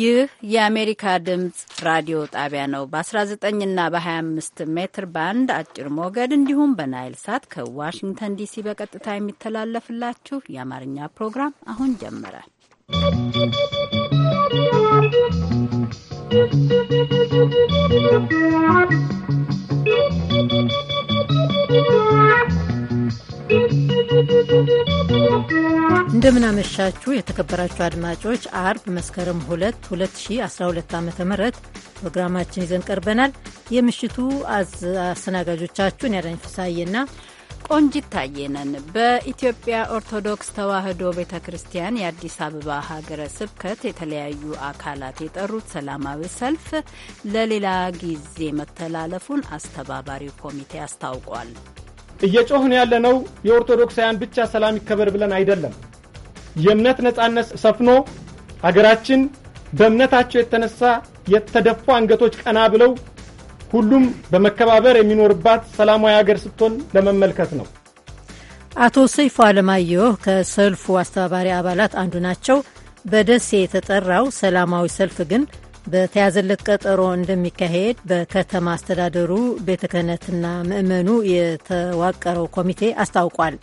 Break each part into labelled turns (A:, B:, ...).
A: ይህ የአሜሪካ ድምፅ ራዲዮ ጣቢያ ነው። በ19 እና በ25 ሜትር ባንድ አጭር ሞገድ እንዲሁም በናይል ሳት ከዋሽንግተን ዲሲ በቀጥታ የሚተላለፍላችሁ የአማርኛ ፕሮግራም አሁን ጀመረ። ¶¶
B: እንደምናመሻችሁ የተከበራችሁ አድማጮች፣ አርብ መስከረም 2 2012 ዓ ም ፕሮግራማችን ይዘን ቀርበናል። የምሽቱ አስተናጋጆቻችሁን ያዳኝ
A: ፍሳዬና ቆንጂት ታየነን። በኢትዮጵያ ኦርቶዶክስ ተዋህዶ ቤተ ክርስቲያን የአዲስ አበባ ሀገረ ስብከት የተለያዩ አካላት የጠሩት ሰላማዊ ሰልፍ ለሌላ ጊዜ መተላለፉን አስተባባሪው ኮሚቴ አስታውቋል።
C: እየጮህን ያለነው የኦርቶዶክሳውያን ብቻ ሰላም ይከበር ብለን አይደለም የእምነት ነጻነት ሰፍኖ ሀገራችን በእምነታቸው የተነሳ የተደፉ አንገቶች ቀና ብለው ሁሉም በመከባበር የሚኖርባት ሰላማዊ ሀገር ስትሆን ለመመልከት ነው።
B: አቶ ሰይፉ አለማየሁ ከሰልፉ አስተባባሪ አባላት አንዱ ናቸው። በደሴ የተጠራው ሰላማዊ ሰልፍ ግን በተያዘለት ቀጠሮ እንደሚካሄድ በከተማ አስተዳደሩ ቤተ ክህነትና የተዋቀረው ኮሚቴ አስታውቋል።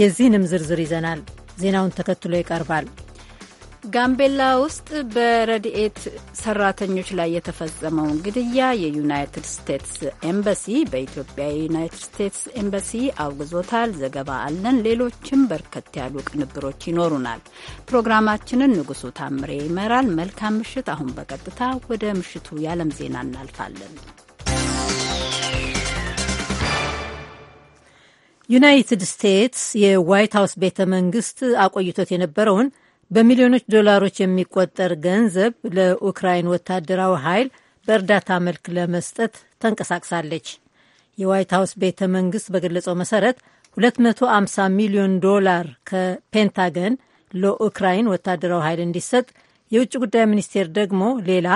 B: የዚህንም ዝርዝር ይዘናል። ዜናውን ተከትሎ ይቀርባል።
A: ጋምቤላ ውስጥ በረድኤት ሰራተኞች ላይ የተፈጸመውን ግድያ የዩናይትድ ስቴትስ ኤምባሲ በኢትዮጵያ የዩናይትድ ስቴትስ ኤምባሲ አውግዞታል። ዘገባ አለን። ሌሎችም በርከት ያሉ ቅንብሮች ይኖሩናል። ፕሮግራማችንን ንጉሱ ታምሬ ይመራል። መልካም ምሽት። አሁን በቀጥታ ወደ ምሽቱ የዓለም ዜና እናልፋለን።
B: ዩናይትድ ስቴትስ የዋይት ሀውስ ቤተ መንግስት አቆይቶት የነበረውን በሚሊዮኖች ዶላሮች የሚቆጠር ገንዘብ ለኡክራይን ወታደራዊ ኃይል በእርዳታ መልክ ለመስጠት ተንቀሳቅሳለች። የዋይት ሀውስ ቤተ መንግስት በገለጸው መሰረት 250 ሚሊዮን ዶላር ከፔንታገን ለኡክራይን ወታደራዊ ኃይል እንዲሰጥ፣ የውጭ ጉዳይ ሚኒስቴር ደግሞ ሌላ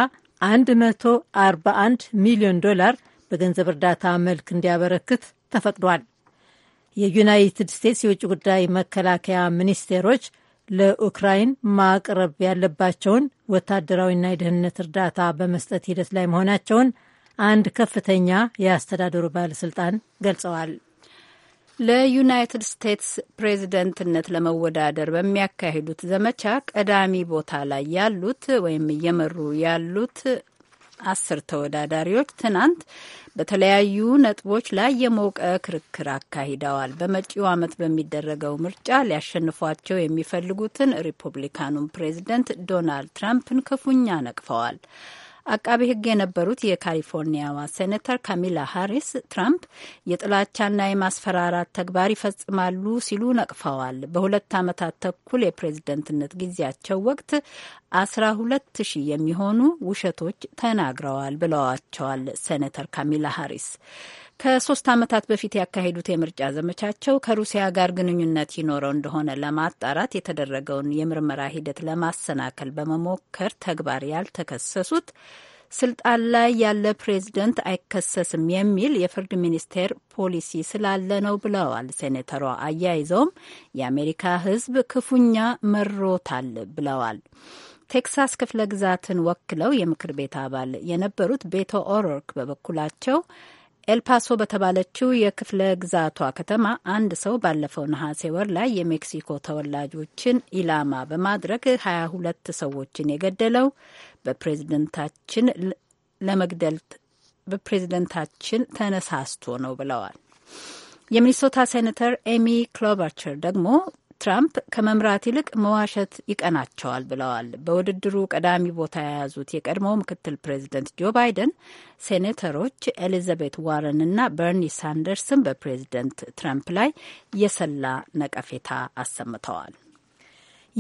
B: 141 ሚሊዮን ዶላር በገንዘብ እርዳታ መልክ እንዲያበረክት ተፈቅዷል። የዩናይትድ ስቴትስ የውጭ ጉዳይ መከላከያ ሚኒስቴሮች ለኡክራይን ማቅረብ ያለባቸውን ወታደራዊና የደህንነት እርዳታ በመስጠት ሂደት ላይ መሆናቸውን አንድ ከፍተኛ የአስተዳደሩ ባለስልጣን
A: ገልጸዋል። ለዩናይትድ ስቴትስ ፕሬዚደንትነት ለመወዳደር በሚያካሂዱት ዘመቻ ቀዳሚ ቦታ ላይ ያሉት ወይም እየመሩ ያሉት አስር ተወዳዳሪዎች ትናንት በተለያዩ ነጥቦች ላይ የሞቀ ክርክር አካሂደዋል። በመጪው ዓመት በሚደረገው ምርጫ ሊያሸንፏቸው የሚፈልጉትን ሪፑብሊካኑን ፕሬዝደንት ዶናልድ ትራምፕን ክፉኛ ነቅፈዋል። አቃቢ ሕግ የነበሩት የካሊፎርኒያዋ ሴኔተር ካሚላ ሃሪስ ትራምፕ የጥላቻና የማስፈራራት ተግባር ይፈጽማሉ ሲሉ ነቅፈዋል። በሁለት ዓመታት ተኩል የፕሬዝደንትነት ጊዜያቸው ወቅት አስራ ሁለት ሺህ የሚሆኑ ውሸቶች ተናግረዋል ብለዋቸዋል ሴኔተር ካሚላ ሃሪስ ከሶስት ዓመታት በፊት ያካሄዱት የምርጫ ዘመቻቸው ከሩሲያ ጋር ግንኙነት ይኖረው እንደሆነ ለማጣራት የተደረገውን የምርመራ ሂደት ለማሰናከል በመሞከር ተግባር ያልተከሰሱት ስልጣን ላይ ያለ ፕሬዝደንት አይከሰስም የሚል የፍርድ ሚኒስቴር ፖሊሲ ስላለ ነው ብለዋል ሴኔተሯ። አያይዘውም የአሜሪካ ሕዝብ ክፉኛ መሮታል ብለዋል። ቴክሳስ ክፍለ ግዛትን ወክለው የምክር ቤት አባል የነበሩት ቤቶ ኦሮርክ በበኩላቸው ኤልፓሶ በተባለችው የክፍለ ግዛቷ ከተማ አንድ ሰው ባለፈው ነሐሴ ወር ላይ የሜክሲኮ ተወላጆችን ኢላማ በማድረግ 22 ሰዎችን የገደለው በፕሬዝደንታችን ለመግደል በፕሬዝደንታችን ተነሳስቶ ነው ብለዋል። የሚኒሶታ ሴኔተር ኤሚ ክሎባቸር ደግሞ ትራምፕ ከመምራት ይልቅ መዋሸት ይቀናቸዋል ብለዋል። በውድድሩ ቀዳሚ ቦታ የያዙት የቀድሞ ምክትል ፕሬዚደንት ጆ ባይደን ሴኔተሮች ኤሊዛቤት ዋረን እና በርኒ ሳንደርስን በፕሬዚደንት ትራምፕ ላይ የሰላ ነቀፌታ አሰምተዋል።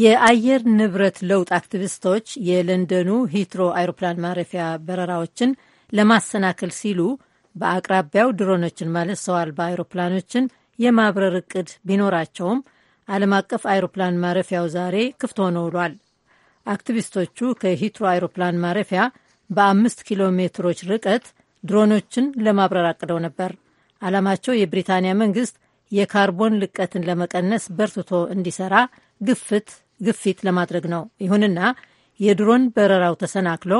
B: የአየር ንብረት ለውጥ አክቲቪስቶች የለንደኑ ሂትሮ አይሮፕላን ማረፊያ በረራዎችን ለማሰናከል ሲሉ በአቅራቢያው ድሮኖችን ማለት ሰው አልባ አይሮፕላኖችን የማብረር እቅድ ቢኖራቸውም ዓለም አቀፍ አይሮፕላን ማረፊያው ዛሬ ክፍት ሆኖ ውሏል። አክቲቪስቶቹ ከሂትሮ አይሮፕላን ማረፊያ በአምስት ኪሎ ሜትሮች ርቀት ድሮኖችን ለማብረር አቅደው ነበር። ዓላማቸው የብሪታንያ መንግስት የካርቦን ልቀትን ለመቀነስ በርትቶ እንዲሰራ ግፍት ግፊት ለማድረግ ነው። ይሁንና የድሮን በረራው ተሰናክሎ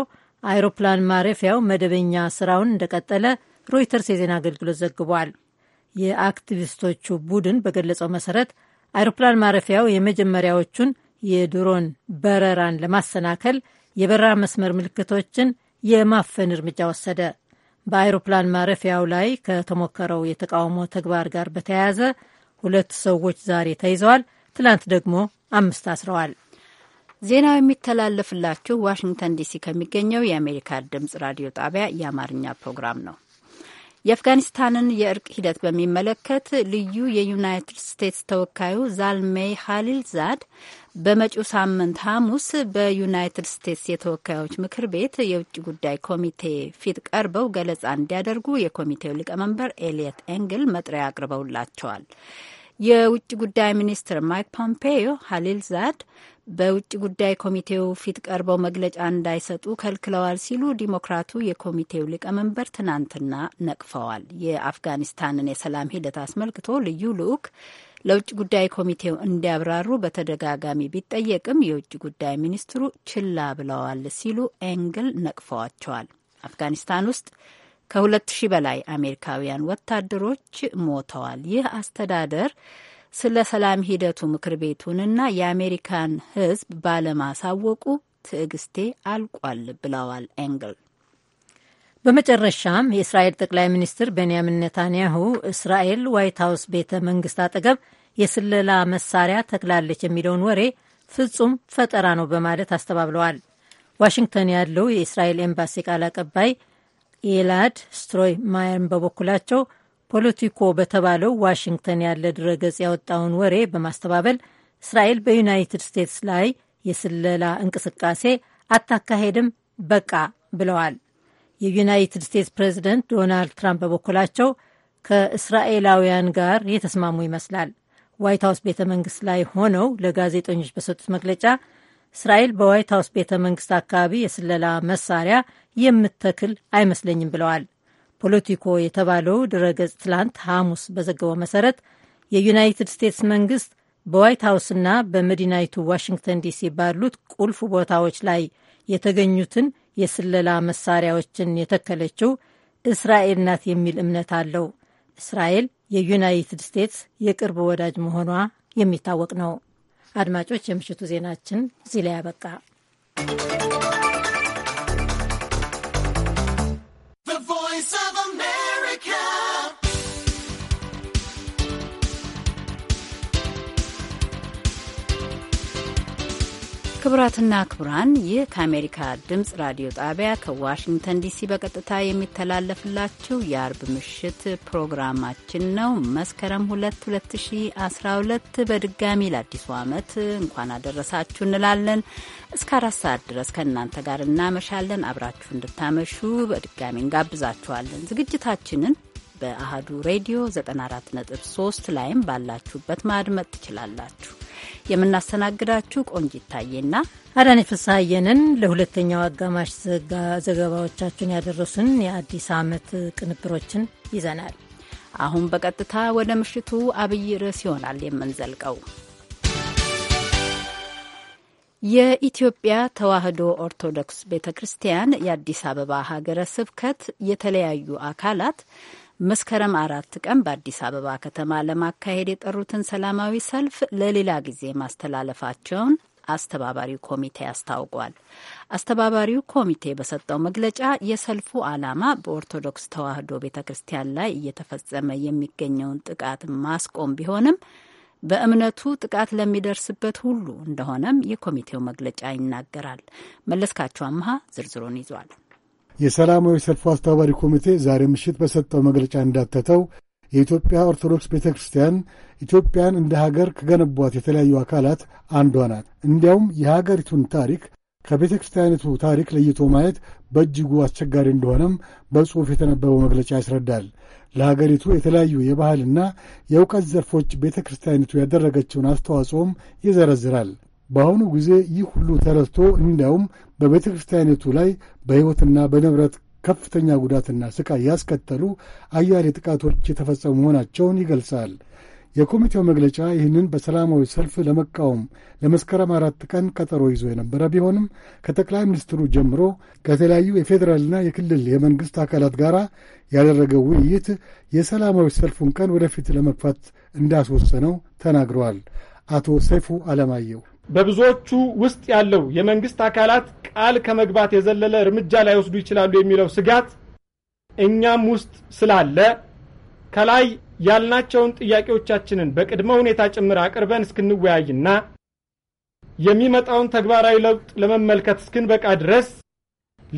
B: አይሮፕላን ማረፊያው መደበኛ ስራውን እንደቀጠለ ሮይተርስ የዜና አገልግሎት ዘግቧል። የአክቲቪስቶቹ ቡድን በገለጸው መሰረት አይሮፕላን ማረፊያው የመጀመሪያዎቹን የድሮን በረራን ለማሰናከል የበረራ መስመር ምልክቶችን የማፈን እርምጃ ወሰደ። በአውሮፕላን ማረፊያው ላይ ከተሞከረው የተቃውሞ ተግባር ጋር በተያያዘ ሁለት ሰዎች ዛሬ ተይዘዋል። ትላንት ደግሞ
A: አምስት አስረዋል። ዜናው የሚተላለፍላችሁ ዋሽንግተን ዲሲ ከሚገኘው የአሜሪካ ድምጽ ራዲዮ ጣቢያ የአማርኛ ፕሮግራም ነው። የአፍጋኒስታንን የእርቅ ሂደት በሚመለከት ልዩ የዩናይትድ ስቴትስ ተወካዩ ዛልሜይ ሀሊል ዛድ በመጪው ሳምንት ሐሙስ በዩናይትድ ስቴትስ የተወካዮች ምክር ቤት የውጭ ጉዳይ ኮሚቴ ፊት ቀርበው ገለጻ እንዲያደርጉ የኮሚቴው ሊቀመንበር ኤልየት ኤንግል መጥሪያ አቅርበውላቸዋል። የውጭ ጉዳይ ሚኒስትር ማይክ ፖምፔዮ ሀሊል ዛድ በውጭ ጉዳይ ኮሚቴው ፊት ቀርበው መግለጫ እንዳይሰጡ ከልክለዋል ሲሉ ዲሞክራቱ የኮሚቴው ሊቀመንበር ትናንትና ነቅፈዋል። የአፍጋኒስታንን የሰላም ሂደት አስመልክቶ ልዩ ልዑክ ለውጭ ጉዳይ ኮሚቴው እንዲያብራሩ በተደጋጋሚ ቢጠየቅም የውጭ ጉዳይ ሚኒስትሩ ችላ ብለዋል ሲሉ ኤንግል ነቅፈዋቸዋል። አፍጋኒስታን ውስጥ ከሁለት ሺህ በላይ አሜሪካውያን ወታደሮች ሞተዋል። ይህ አስተዳደር ስለ ሰላም ሂደቱ ምክር ቤቱንና የአሜሪካን ሕዝብ ባለማሳወቁ ትዕግስቴ አልቋል ብለዋል ኤንግል። በመጨረሻም የእስራኤል ጠቅላይ ሚኒስትር ቤንያሚን ኔታንያሁ
B: እስራኤል ዋይት ሀውስ ቤተ መንግስት አጠገብ የስለላ መሳሪያ ተክላለች የሚለውን ወሬ ፍጹም ፈጠራ ነው በማለት አስተባብለዋል። ዋሽንግተን ያለው የእስራኤል ኤምባሲ ቃል አቀባይ ኤላድ ስትሮይ ማየርን በበኩላቸው ፖለቲኮ በተባለው ዋሽንግተን ያለ ድረገጽ ያወጣውን ወሬ በማስተባበል እስራኤል በዩናይትድ ስቴትስ ላይ የስለላ እንቅስቃሴ አታካሄድም በቃ ብለዋል። የዩናይትድ ስቴትስ ፕሬዚደንት ዶናልድ ትራምፕ በበኩላቸው ከእስራኤላውያን ጋር የተስማሙ ይመስላል። ዋይት ሀውስ ቤተ መንግስት ላይ ሆነው ለጋዜጠኞች በሰጡት መግለጫ እስራኤል በዋይት ሀውስ ቤተ መንግስት አካባቢ የስለላ መሳሪያ የምትተክል አይመስለኝም ብለዋል። ፖለቲኮ የተባለው ድረገጽ ትላንት ሐሙስ በዘገበው መሰረት የዩናይትድ ስቴትስ መንግስት በዋይት ሀውስና በመዲናይቱ ዋሽንግተን ዲሲ ባሉት ቁልፍ ቦታዎች ላይ የተገኙትን የስለላ መሳሪያዎችን የተከለችው እስራኤል ናት የሚል እምነት አለው። እስራኤል የዩናይትድ ስቴትስ የቅርብ ወዳጅ መሆኗ የሚታወቅ ነው። አድማጮች፣ የምሽቱ ዜናችን እዚህ ላይ ያበቃ።
A: ክቡራትና ክቡራን ይህ ከአሜሪካ ድምፅ ራዲዮ ጣቢያ ከዋሽንግተን ዲሲ በቀጥታ የሚተላለፍላችሁ የአርብ ምሽት ፕሮግራማችን ነው። መስከረም 2 2012 በድጋሚ ለአዲሱ ዓመት እንኳን አደረሳችሁ እንላለን። እስከ አራት ሰዓት ድረስ ከእናንተ ጋር እናመሻለን። አብራችሁ እንድታመሹ በድጋሚ እንጋብዛችኋለን። ዝግጅታችንን በአህዱ ሬዲዮ 94.3 ላይም ባላችሁበት ማድመጥ ትችላላችሁ። የምናስተናግዳችሁ ቆንጅ ይታየና አዳኔ ፍስሐየንን። ለሁለተኛው አጋማሽ ዘገባዎቻችን ያደረሱን የአዲስ ዓመት ቅንብሮችን ይዘናል። አሁን በቀጥታ ወደ ምሽቱ አብይ ርዕስ ይሆናል የምንዘልቀው። የኢትዮጵያ ተዋሕዶ ኦርቶዶክስ ቤተ ክርስቲያን የአዲስ አበባ ሀገረ ስብከት የተለያዩ አካላት መስከረም አራት ቀን በአዲስ አበባ ከተማ ለማካሄድ የጠሩትን ሰላማዊ ሰልፍ ለሌላ ጊዜ ማስተላለፋቸውን አስተባባሪው ኮሚቴ አስታውቋል። አስተባባሪው ኮሚቴ በሰጠው መግለጫ የሰልፉ ዓላማ በኦርቶዶክስ ተዋሕዶ ቤተ ክርስቲያን ላይ እየተፈጸመ የሚገኘውን ጥቃት ማስቆም ቢሆንም በእምነቱ ጥቃት ለሚደርስበት ሁሉ እንደሆነም የኮሚቴው መግለጫ ይናገራል። መለስካቸው አምሃ ዝርዝሩን ይዟል።
D: የሰላማዊ ሰልፉ አስተባባሪ ኮሚቴ ዛሬ ምሽት በሰጠው መግለጫ እንዳተተው የኢትዮጵያ ኦርቶዶክስ ቤተ ክርስቲያን ኢትዮጵያን እንደ ሀገር ከገነቧት የተለያዩ አካላት አንዷ ናት። እንዲያውም የሀገሪቱን ታሪክ ከቤተ ክርስቲያኒቱ ታሪክ ለይቶ ማየት በእጅጉ አስቸጋሪ እንደሆነም በጽሑፍ የተነበበው መግለጫ ያስረዳል። ለሀገሪቱ የተለያዩ የባህልና የእውቀት ዘርፎች ቤተ ክርስቲያኒቱ ያደረገችውን አስተዋጽኦም ይዘረዝራል። በአሁኑ ጊዜ ይህ ሁሉ ተረስቶ እንዲያውም በቤተ ክርስቲያኒቱ ላይ በሕይወትና በንብረት ከፍተኛ ጉዳትና ሥቃይ ያስከተሉ አያሌ ጥቃቶች የተፈጸሙ መሆናቸውን ይገልጻል። የኮሚቴው መግለጫ ይህንን በሰላማዊ ሰልፍ ለመቃወም ለመስከረም አራት ቀን ቀጠሮ ይዞ የነበረ ቢሆንም ከጠቅላይ ሚኒስትሩ ጀምሮ ከተለያዩ የፌዴራልና የክልል የመንግሥት አካላት ጋር ያደረገው ውይይት የሰላማዊ ሰልፉን ቀን ወደፊት ለመግፋት እንዳስወሰነው ተናግረዋል። አቶ ሰይፉ አለማየሁ
C: በብዙዎቹ ውስጥ ያለው የመንግስት አካላት ቃል ከመግባት የዘለለ እርምጃ ላይወስዱ ይችላሉ የሚለው ስጋት እኛም ውስጥ ስላለ ከላይ ያልናቸውን ጥያቄዎቻችንን በቅድመ ሁኔታ ጭምር አቅርበን እስክንወያይና የሚመጣውን ተግባራዊ ለውጥ ለመመልከት እስክንበቃ ድረስ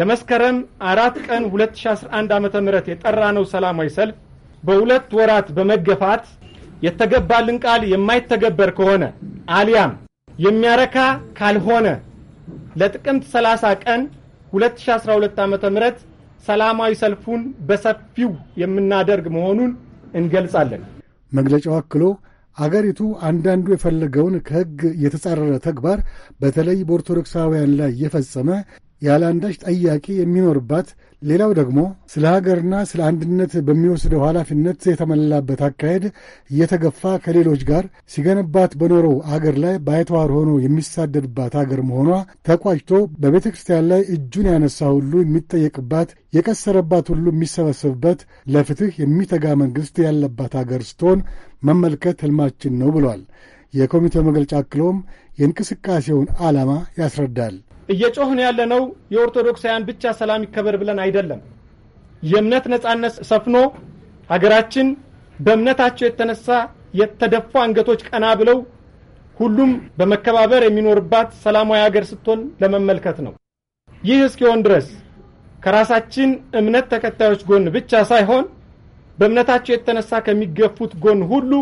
C: ለመስከረም አራት ቀን 2011 ዓ ም የጠራነው ሰላማዊ ሰልፍ በሁለት ወራት በመገፋት የተገባልን ቃል የማይተገበር ከሆነ አሊያም የሚያረካ ካልሆነ ለጥቅምት 30 ቀን 2012 ዓ.ም ሰላማዊ ሰልፉን በሰፊው የምናደርግ መሆኑን እንገልጻለን።
D: መግለጫው አክሎ አገሪቱ አንዳንዱ የፈለገውን ከሕግ የተጻረረ ተግባር በተለይ በኦርቶዶክሳውያን ላይ እየፈጸመ ያለ አንዳች ጠያቂ የሚኖርባት ሌላው ደግሞ ስለ ሀገርና ስለ አንድነት በሚወስደው ኃላፊነት የተሞላበት አካሄድ እየተገፋ ከሌሎች ጋር ሲገነባት በኖረው አገር ላይ ባይተዋር ሆኖ የሚሳደድባት አገር መሆኗ ተቋጭቶ በቤተ ክርስቲያን ላይ እጁን ያነሳ ሁሉ የሚጠየቅባት፣ የቀሰረባት ሁሉ የሚሰበሰብበት፣ ለፍትህ የሚተጋ መንግሥት ያለባት አገር ስትሆን መመልከት ህልማችን ነው ብሏል። የኮሚቴው መግለጫ አክሎም የእንቅስቃሴውን ዓላማ ያስረዳል።
C: እየጮህን ነው የኦርቶዶክሳውያን ብቻ ሰላም ይከበር ብለን አይደለም። የእምነት ነጻነት ሰፍኖ ሀገራችን በእምነታቸው የተነሳ የተደፉ አንገቶች ቀና ብለው ሁሉም በመከባበር የሚኖርባት ሰላማዊ ሀገር ስትሆን ለመመልከት ነው። ይህ እስኪሆን ድረስ ከራሳችን እምነት ተከታዮች ጎን ብቻ ሳይሆን በእምነታቸው የተነሳ ከሚገፉት ጎን ሁሉ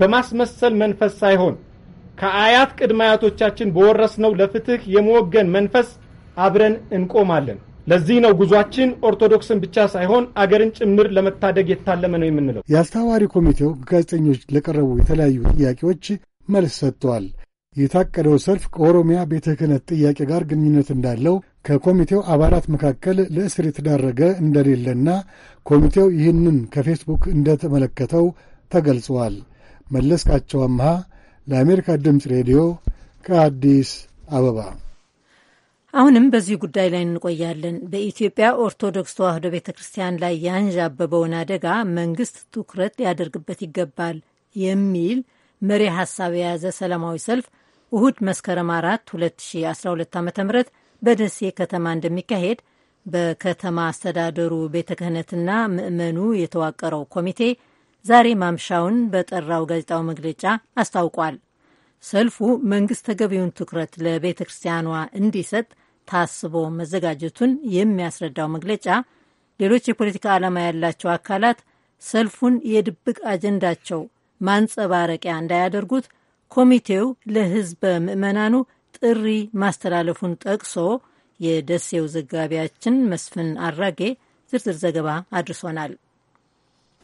C: በማስመሰል መንፈስ ሳይሆን ከአያት ቅድመ አያቶቻችን በወረስነው ለፍትህ የመወገን መንፈስ አብረን እንቆማለን። ለዚህ ነው ጉዟችን ኦርቶዶክስን ብቻ ሳይሆን አገርን ጭምር ለመታደግ የታለመ ነው የምንለው።
D: የአስተባባሪ ኮሚቴው ጋዜጠኞች ለቀረቡ የተለያዩ ጥያቄዎች መልስ ሰጥተዋል። የታቀደው ሰልፍ ከኦሮሚያ ቤተ ክህነት ጥያቄ ጋር ግንኙነት እንዳለው ከኮሚቴው አባላት መካከል ለእስር የተዳረገ እንደሌለና ኮሚቴው ይህንን ከፌስቡክ እንደተመለከተው ተገልጸዋል። መለስካቸው አምሃ ለአሜሪካ ድምፅ ሬዲዮ ከአዲስ አበባ።
B: አሁንም በዚህ ጉዳይ ላይ እንቆያለን። በኢትዮጵያ ኦርቶዶክስ ተዋሕዶ ቤተ ክርስቲያን ላይ ያንዣበበውን አደጋ መንግስት ትኩረት ሊያደርግበት ይገባል የሚል መሪ ሀሳብ የያዘ ሰላማዊ ሰልፍ እሁድ መስከረም አራት 2012 ዓ ም በደሴ ከተማ እንደሚካሄድ በከተማ አስተዳደሩ ቤተ ክህነትና ምዕመኑ የተዋቀረው ኮሚቴ ዛሬ ማምሻውን በጠራው ጋዜጣዊ መግለጫ አስታውቋል። ሰልፉ መንግስት ተገቢውን ትኩረት ለቤተ ክርስቲያኗ እንዲሰጥ ታስቦ መዘጋጀቱን የሚያስረዳው መግለጫ ሌሎች የፖለቲካ ዓላማ ያላቸው አካላት ሰልፉን የድብቅ አጀንዳቸው ማንጸባረቂያ እንዳያደርጉት ኮሚቴው ለሕዝበ ምዕመናኑ ጥሪ ማስተላለፉን ጠቅሶ የደሴው ዘጋቢያችን መስፍን አራጌ ዝርዝር ዘገባ አድርሶናል።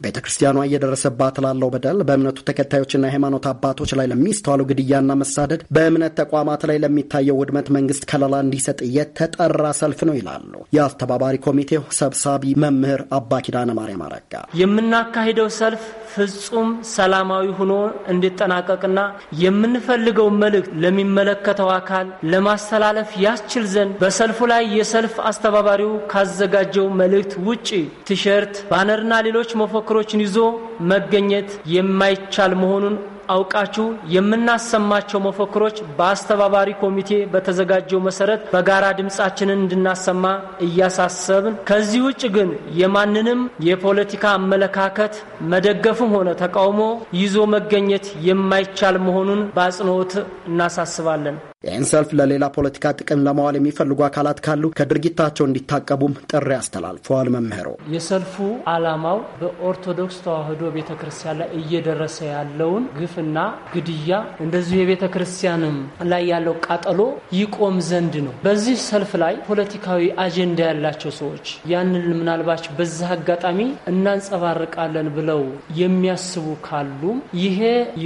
E: ቤተ ክርስቲያኗ እየደረሰባት ላለው በደል፣ በእምነቱ ተከታዮችና የሃይማኖት አባቶች ላይ ለሚስተዋለው ግድያና መሳደድ፣ በእምነት ተቋማት ላይ ለሚታየው ውድመት መንግስት ከለላ እንዲሰጥ የተጠራ ሰልፍ ነው ይላሉ የአስተባባሪ ኮሚቴው ሰብሳቢ መምህር አባ ኪዳነ ማርያም አረጋ
F: የምናካሂደው ሰልፍ ፍጹም ሰላማዊ ሆኖ እንዲጠናቀቅና የምንፈልገው መልእክት ለሚመለከተው አካል ለማስተላለፍ ያስችል ዘንድ በሰልፉ ላይ የሰልፍ አስተባባሪው ካዘጋጀው መልእክት ውጪ ቲሸርት፣ ባነርና ሌሎች መፈክሮችን ይዞ መገኘት የማይቻል መሆኑን አውቃችሁ የምናሰማቸው መፈክሮች በአስተባባሪ ኮሚቴ በተዘጋጀው መሰረት በጋራ ድምፃችንን እንድናሰማ እያሳሰብን፣ ከዚህ ውጭ ግን የማንንም የፖለቲካ አመለካከት መደገፍም ሆነ ተቃውሞ ይዞ መገኘት የማይቻል መሆኑን በአጽንኦት እናሳስባለን።
E: ይህን ሰልፍ ለሌላ ፖለቲካ ጥቅም ለማዋል የሚፈልጉ አካላት ካሉ ከድርጊታቸው እንዲታቀቡም ጥሪ አስተላልፈዋል። መምህሩ
F: የሰልፉ ዓላማው በኦርቶዶክስ ተዋሕዶ ቤተ ክርስቲያን ላይ እየደረሰ ያለውን ግፍና ግድያ እንደዚሁ የቤተ ክርስቲያንም ላይ ያለው ቃጠሎ ይቆም ዘንድ ነው። በዚህ ሰልፍ ላይ ፖለቲካዊ አጀንዳ ያላቸው ሰዎች ያንን ምናልባች በዛ አጋጣሚ እናንጸባርቃለን ብለው የሚያስቡ ካሉም ይሄ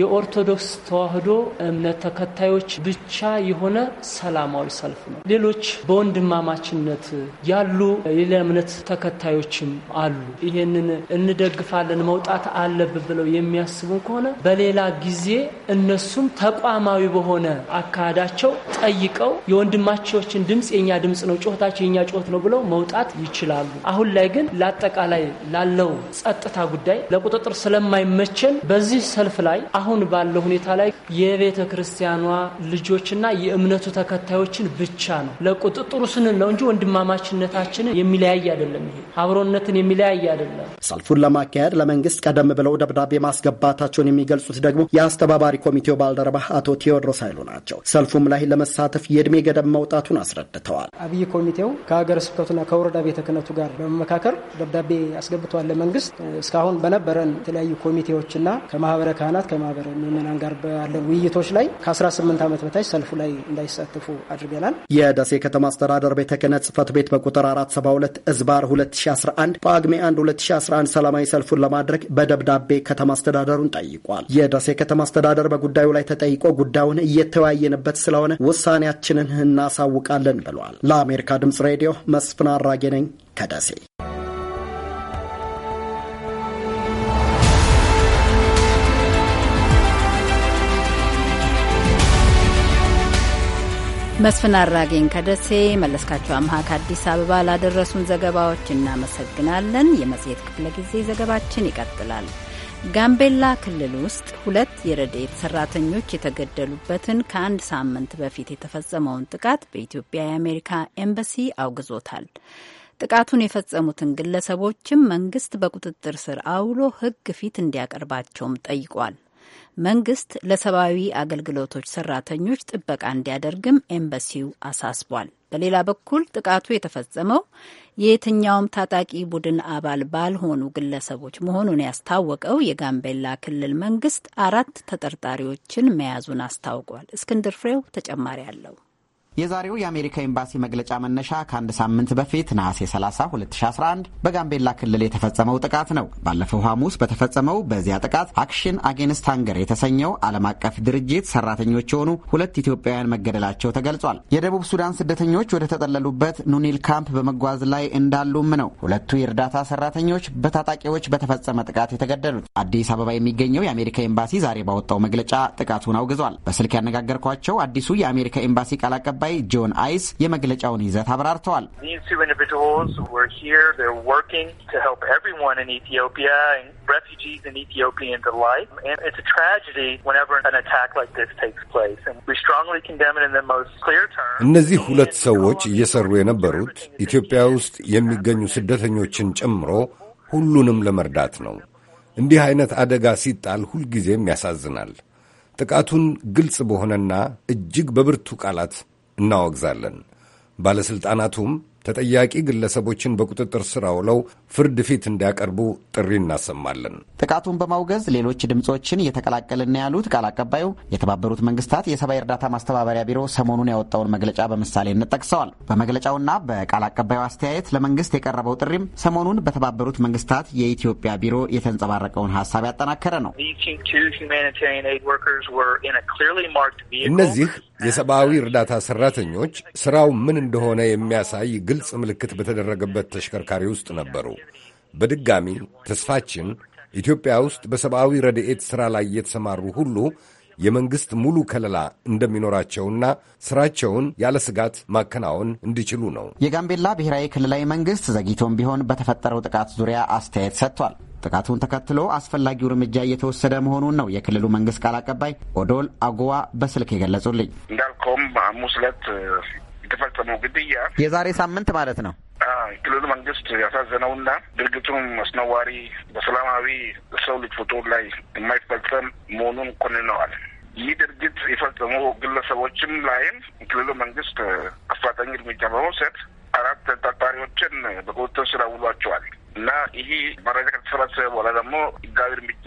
F: የኦርቶዶክስ ተዋሕዶ እምነት ተከታዮች ብቻ የሆነ ሰላማዊ ሰልፍ ነው። ሌሎች በወንድማማችነት ያሉ የሌላ እምነት ተከታዮችም አሉ። ይሄንን እንደግፋለን መውጣት አለብ ብለው የሚያስቡን ከሆነ በሌላ ጊዜ እነሱም ተቋማዊ በሆነ አካሄዳቸው ጠይቀው የወንድማቸዎችን ድምፅ የኛ ድምፅ ነው፣ ጩኸታቸው የኛ ጩኸት ነው ብለው መውጣት ይችላሉ። አሁን ላይ ግን ለአጠቃላይ ላለው ጸጥታ ጉዳይ ለቁጥጥር ስለማይመቸን በዚህ ሰልፍ ላይ አሁን ባለው ሁኔታ ላይ የቤተ ክርስቲያኗ ልጆችና የእምነቱ ተከታዮችን ብቻ ነው። ለቁጥጥሩ ስንል ነው እንጂ ወንድማማችነታችንን የሚለያይ አይደለም። ይሄ አብሮነትን የሚለያይ አይደለም።
E: ሰልፉን ለማካሄድ ለመንግስት ቀደም ብለው ደብዳቤ ማስገባታቸውን የሚገልጹት ደግሞ የአስተባባሪ ኮሚቴው ባልደረባ አቶ ቴዎድሮስ ኃይሉ ናቸው። ሰልፉም ላይ ለመሳተፍ የእድሜ ገደብ መውጣቱን አስረድተዋል። አብይ ኮሚቴው ከሀገረ ስብከቱና ከወረዳ ቤተ ክህነቱ ጋር በመመካከር ደብዳቤ አስገብተዋል ለመንግስት እስካሁን በነበረን የተለያዩ ኮሚቴዎችና ከማህበረ ካህናት ከማህበረ ምዕመናን ጋር ባለን ውይይቶች ላይ ከ18 ዓመት በታች ሰልፉ ላይ ላይ እንዳይሳተፉ አድርገናል። የደሴ ከተማ አስተዳደር ቤተ ክህነት ጽህፈት ቤት በቁጥር 472 እዝባር 2011 በአግሜ 1 2011 ሰላማዊ ሰልፉን ለማድረግ በደብዳቤ ከተማ አስተዳደሩን ጠይቋል። የደሴ ከተማ አስተዳደር በጉዳዩ ላይ ተጠይቆ ጉዳዩን እየተወያየንበት ስለሆነ ውሳኔያችንን እናሳውቃለን ብሏል። ለአሜሪካ ድምጽ ሬዲዮ መስፍን አራጌ ነኝ ከደሴ
A: መስፍን አራጌን ከደሴ፣ መለስካቸው አምሃ ከአዲስ አበባ ላደረሱን ዘገባዎች እናመሰግናለን። የመጽሔት ክፍለ ጊዜ ዘገባችን ይቀጥላል። ጋምቤላ ክልል ውስጥ ሁለት የረድኤት ሰራተኞች የተገደሉበትን ከአንድ ሳምንት በፊት የተፈጸመውን ጥቃት በኢትዮጵያ የአሜሪካ ኤምባሲ አውግዞታል። ጥቃቱን የፈጸሙትን ግለሰቦችም መንግስት በቁጥጥር ስር አውሎ ሕግ ፊት እንዲያቀርባቸውም ጠይቋል። መንግስት ለሰብአዊ አገልግሎቶች ሰራተኞች ጥበቃ እንዲያደርግም ኤምባሲው አሳስቧል። በሌላ በኩል ጥቃቱ የተፈጸመው የየትኛውም ታጣቂ ቡድን አባል ባልሆኑ ግለሰቦች መሆኑን ያስታወቀው የጋምቤላ ክልል መንግስት አራት ተጠርጣሪዎችን መያዙን አስታውቋል። እስክንድር ፍሬው ተጨማሪ አለው።
G: የዛሬው የአሜሪካ ኤምባሲ መግለጫ መነሻ ከአንድ ሳምንት በፊት ነሐሴ 30 2011 በጋምቤላ ክልል የተፈጸመው ጥቃት ነው። ባለፈው ሐሙስ በተፈጸመው በዚያ ጥቃት አክሽን አጌንስት ሃንገር የተሰኘው ዓለም አቀፍ ድርጅት ሰራተኞች የሆኑ ሁለት ኢትዮጵያውያን መገደላቸው ተገልጿል። የደቡብ ሱዳን ስደተኞች ወደ ተጠለሉበት ኑኒል ካምፕ በመጓዝ ላይ እንዳሉም ነው ሁለቱ የእርዳታ ሰራተኞች በታጣቂዎች በተፈጸመ ጥቃት የተገደሉት። አዲስ አበባ የሚገኘው የአሜሪካ ኤምባሲ ዛሬ ባወጣው መግለጫ ጥቃቱን አውግዟል። በስልክ ያነጋገርኳቸው አዲሱ የአሜሪካ ኤምባሲ ቃል አቀባይ አባይ ጆን አይስ የመግለጫውን ይዘት አብራርተዋል።
D: እነዚህ ሁለት ሰዎች እየሰሩ የነበሩት ኢትዮጵያ ውስጥ የሚገኙ ስደተኞችን ጨምሮ ሁሉንም ለመርዳት ነው። እንዲህ አይነት አደጋ ሲጣል ሁልጊዜም ያሳዝናል። ጥቃቱን ግልጽ በሆነና እጅግ በብርቱ ቃላት እናወግዛለን። ባለሥልጣናቱም ተጠያቂ ግለሰቦችን በቁጥጥር
G: ስር አውለው ፍርድ ፊት እንዲያቀርቡ ጥሪ እናሰማለን። ጥቃቱን በማውገዝ ሌሎች ድምፆችን እየተቀላቀልን ያሉት ቃል አቀባዩ የተባበሩት መንግስታት የሰብአዊ እርዳታ ማስተባበሪያ ቢሮ ሰሞኑን ያወጣውን መግለጫ በምሳሌነት ጠቅሰዋል። በመግለጫውና በቃል አቀባዩ አስተያየት ለመንግስት የቀረበው ጥሪም ሰሞኑን በተባበሩት መንግስታት የኢትዮጵያ ቢሮ የተንጸባረቀውን ሀሳብ ያጠናከረ ነው። እነዚህ የሰብአዊ
D: እርዳታ ሠራተኞች ሥራው ምን እንደሆነ የሚያሳይ ግልጽ ምልክት በተደረገበት ተሽከርካሪ ውስጥ ነበሩ። በድጋሚ ተስፋችን ኢትዮጵያ ውስጥ በሰብአዊ ረድኤት ሥራ ላይ የተሰማሩ ሁሉ የመንግሥት ሙሉ ከለላ እንደሚኖራቸውና ስራቸውን ያለ ስጋት ማከናወን እንዲችሉ ነው።
G: የጋምቤላ ብሔራዊ ክልላዊ መንግሥት ዘግይቶም ቢሆን በተፈጠረው ጥቃት ዙሪያ አስተያየት ሰጥቷል። ጥቃቱን ተከትሎ አስፈላጊው እርምጃ እየተወሰደ መሆኑን ነው የክልሉ መንግስት ቃል አቀባይ ኦዶል አጎዋ በስልክ የገለጹልኝ።
H: እንዳልከውም ሐሙስ ዕለት የተፈጸመው ግድያ የዛሬ
G: ሳምንት ማለት ነው።
H: የክልሉ መንግስት ያሳዘነውና ድርጊቱም አስነዋሪ በሰላማዊ ሰው ልጅ ፍጡር ላይ የማይፈጸም መሆኑን ኮንነዋል። ይህ ድርጊት የፈጸሙ ግለሰቦችም ላይም የክልሉ መንግስት አፋጣኝ እርምጃ በመውሰድ አራት ተጠርጣሪዎችን በቁጥጥር ስር አውሏቸዋል። እና ይህ መረጃ ከተሰበሰበ በኋላ ደግሞ ህጋዊ እርምጃ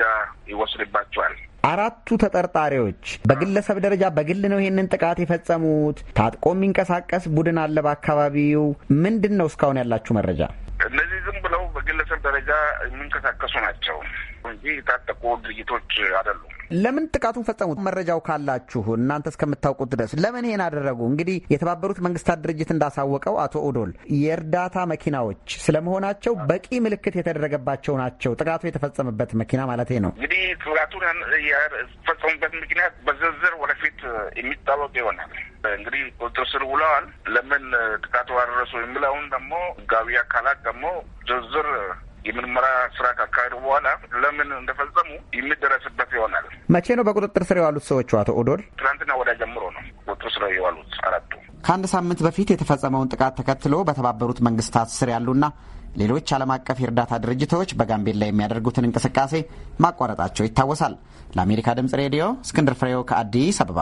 H: ይወስድባቸዋል።
G: አራቱ ተጠርጣሪዎች በግለሰብ ደረጃ በግል ነው ይሄንን ጥቃት የፈጸሙት። ታጥቆ የሚንቀሳቀስ ቡድን አለ በአካባቢው። ምንድን ነው እስካሁን ያላችሁ መረጃ?
H: እነዚህ ዝም ብለው በግለሰብ ደረጃ የሚንቀሳቀሱ ናቸው። እንጂ የታጠቁ ድርጅቶች አይደሉም።
G: ለምን ጥቃቱን ፈጸሙት? መረጃው ካላችሁ እናንተ እስከምታውቁት ድረስ ለምን ይሄን አደረጉ? እንግዲህ የተባበሩት መንግስታት ድርጅት እንዳሳወቀው አቶ ኦዶል የእርዳታ መኪናዎች ስለመሆናቸው በቂ ምልክት የተደረገባቸው ናቸው። ጥቃቱ የተፈጸመበት መኪና ማለት ነው።
H: እንግዲህ ጥቃቱን የፈጸሙበት ምክንያት በዝርዝር ወደፊት የሚታወቅ ይሆናል። እንግዲህ ቁጥጥር ስር ውለዋል። ለምን ጥቃቱ አደረሱ የሚለውን ደግሞ ህጋዊ አካላት ደግሞ ዝርዝር የምርመራ ስራ ካካሄዱ በኋላ ለምን እንደፈጸሙ የሚደረስበት ይሆናል።
G: መቼ ነው በቁጥጥር ስር የዋሉት ሰዎቹ? አቶ ኦዶድ
H: ትናንትና ወዲያ ጀምሮ ነው ቁጥጥር ስር የዋሉት አራቱ።
G: ከአንድ ሳምንት በፊት የተፈጸመውን ጥቃት ተከትሎ በተባበሩት መንግስታት ስር ያሉና ሌሎች ዓለም አቀፍ የእርዳታ ድርጅቶች በጋምቤላ የሚያደርጉትን እንቅስቃሴ ማቋረጣቸው ይታወሳል። ለአሜሪካ ድምጽ ሬዲዮ እስክንድር ፍሬው ከአዲስ አበባ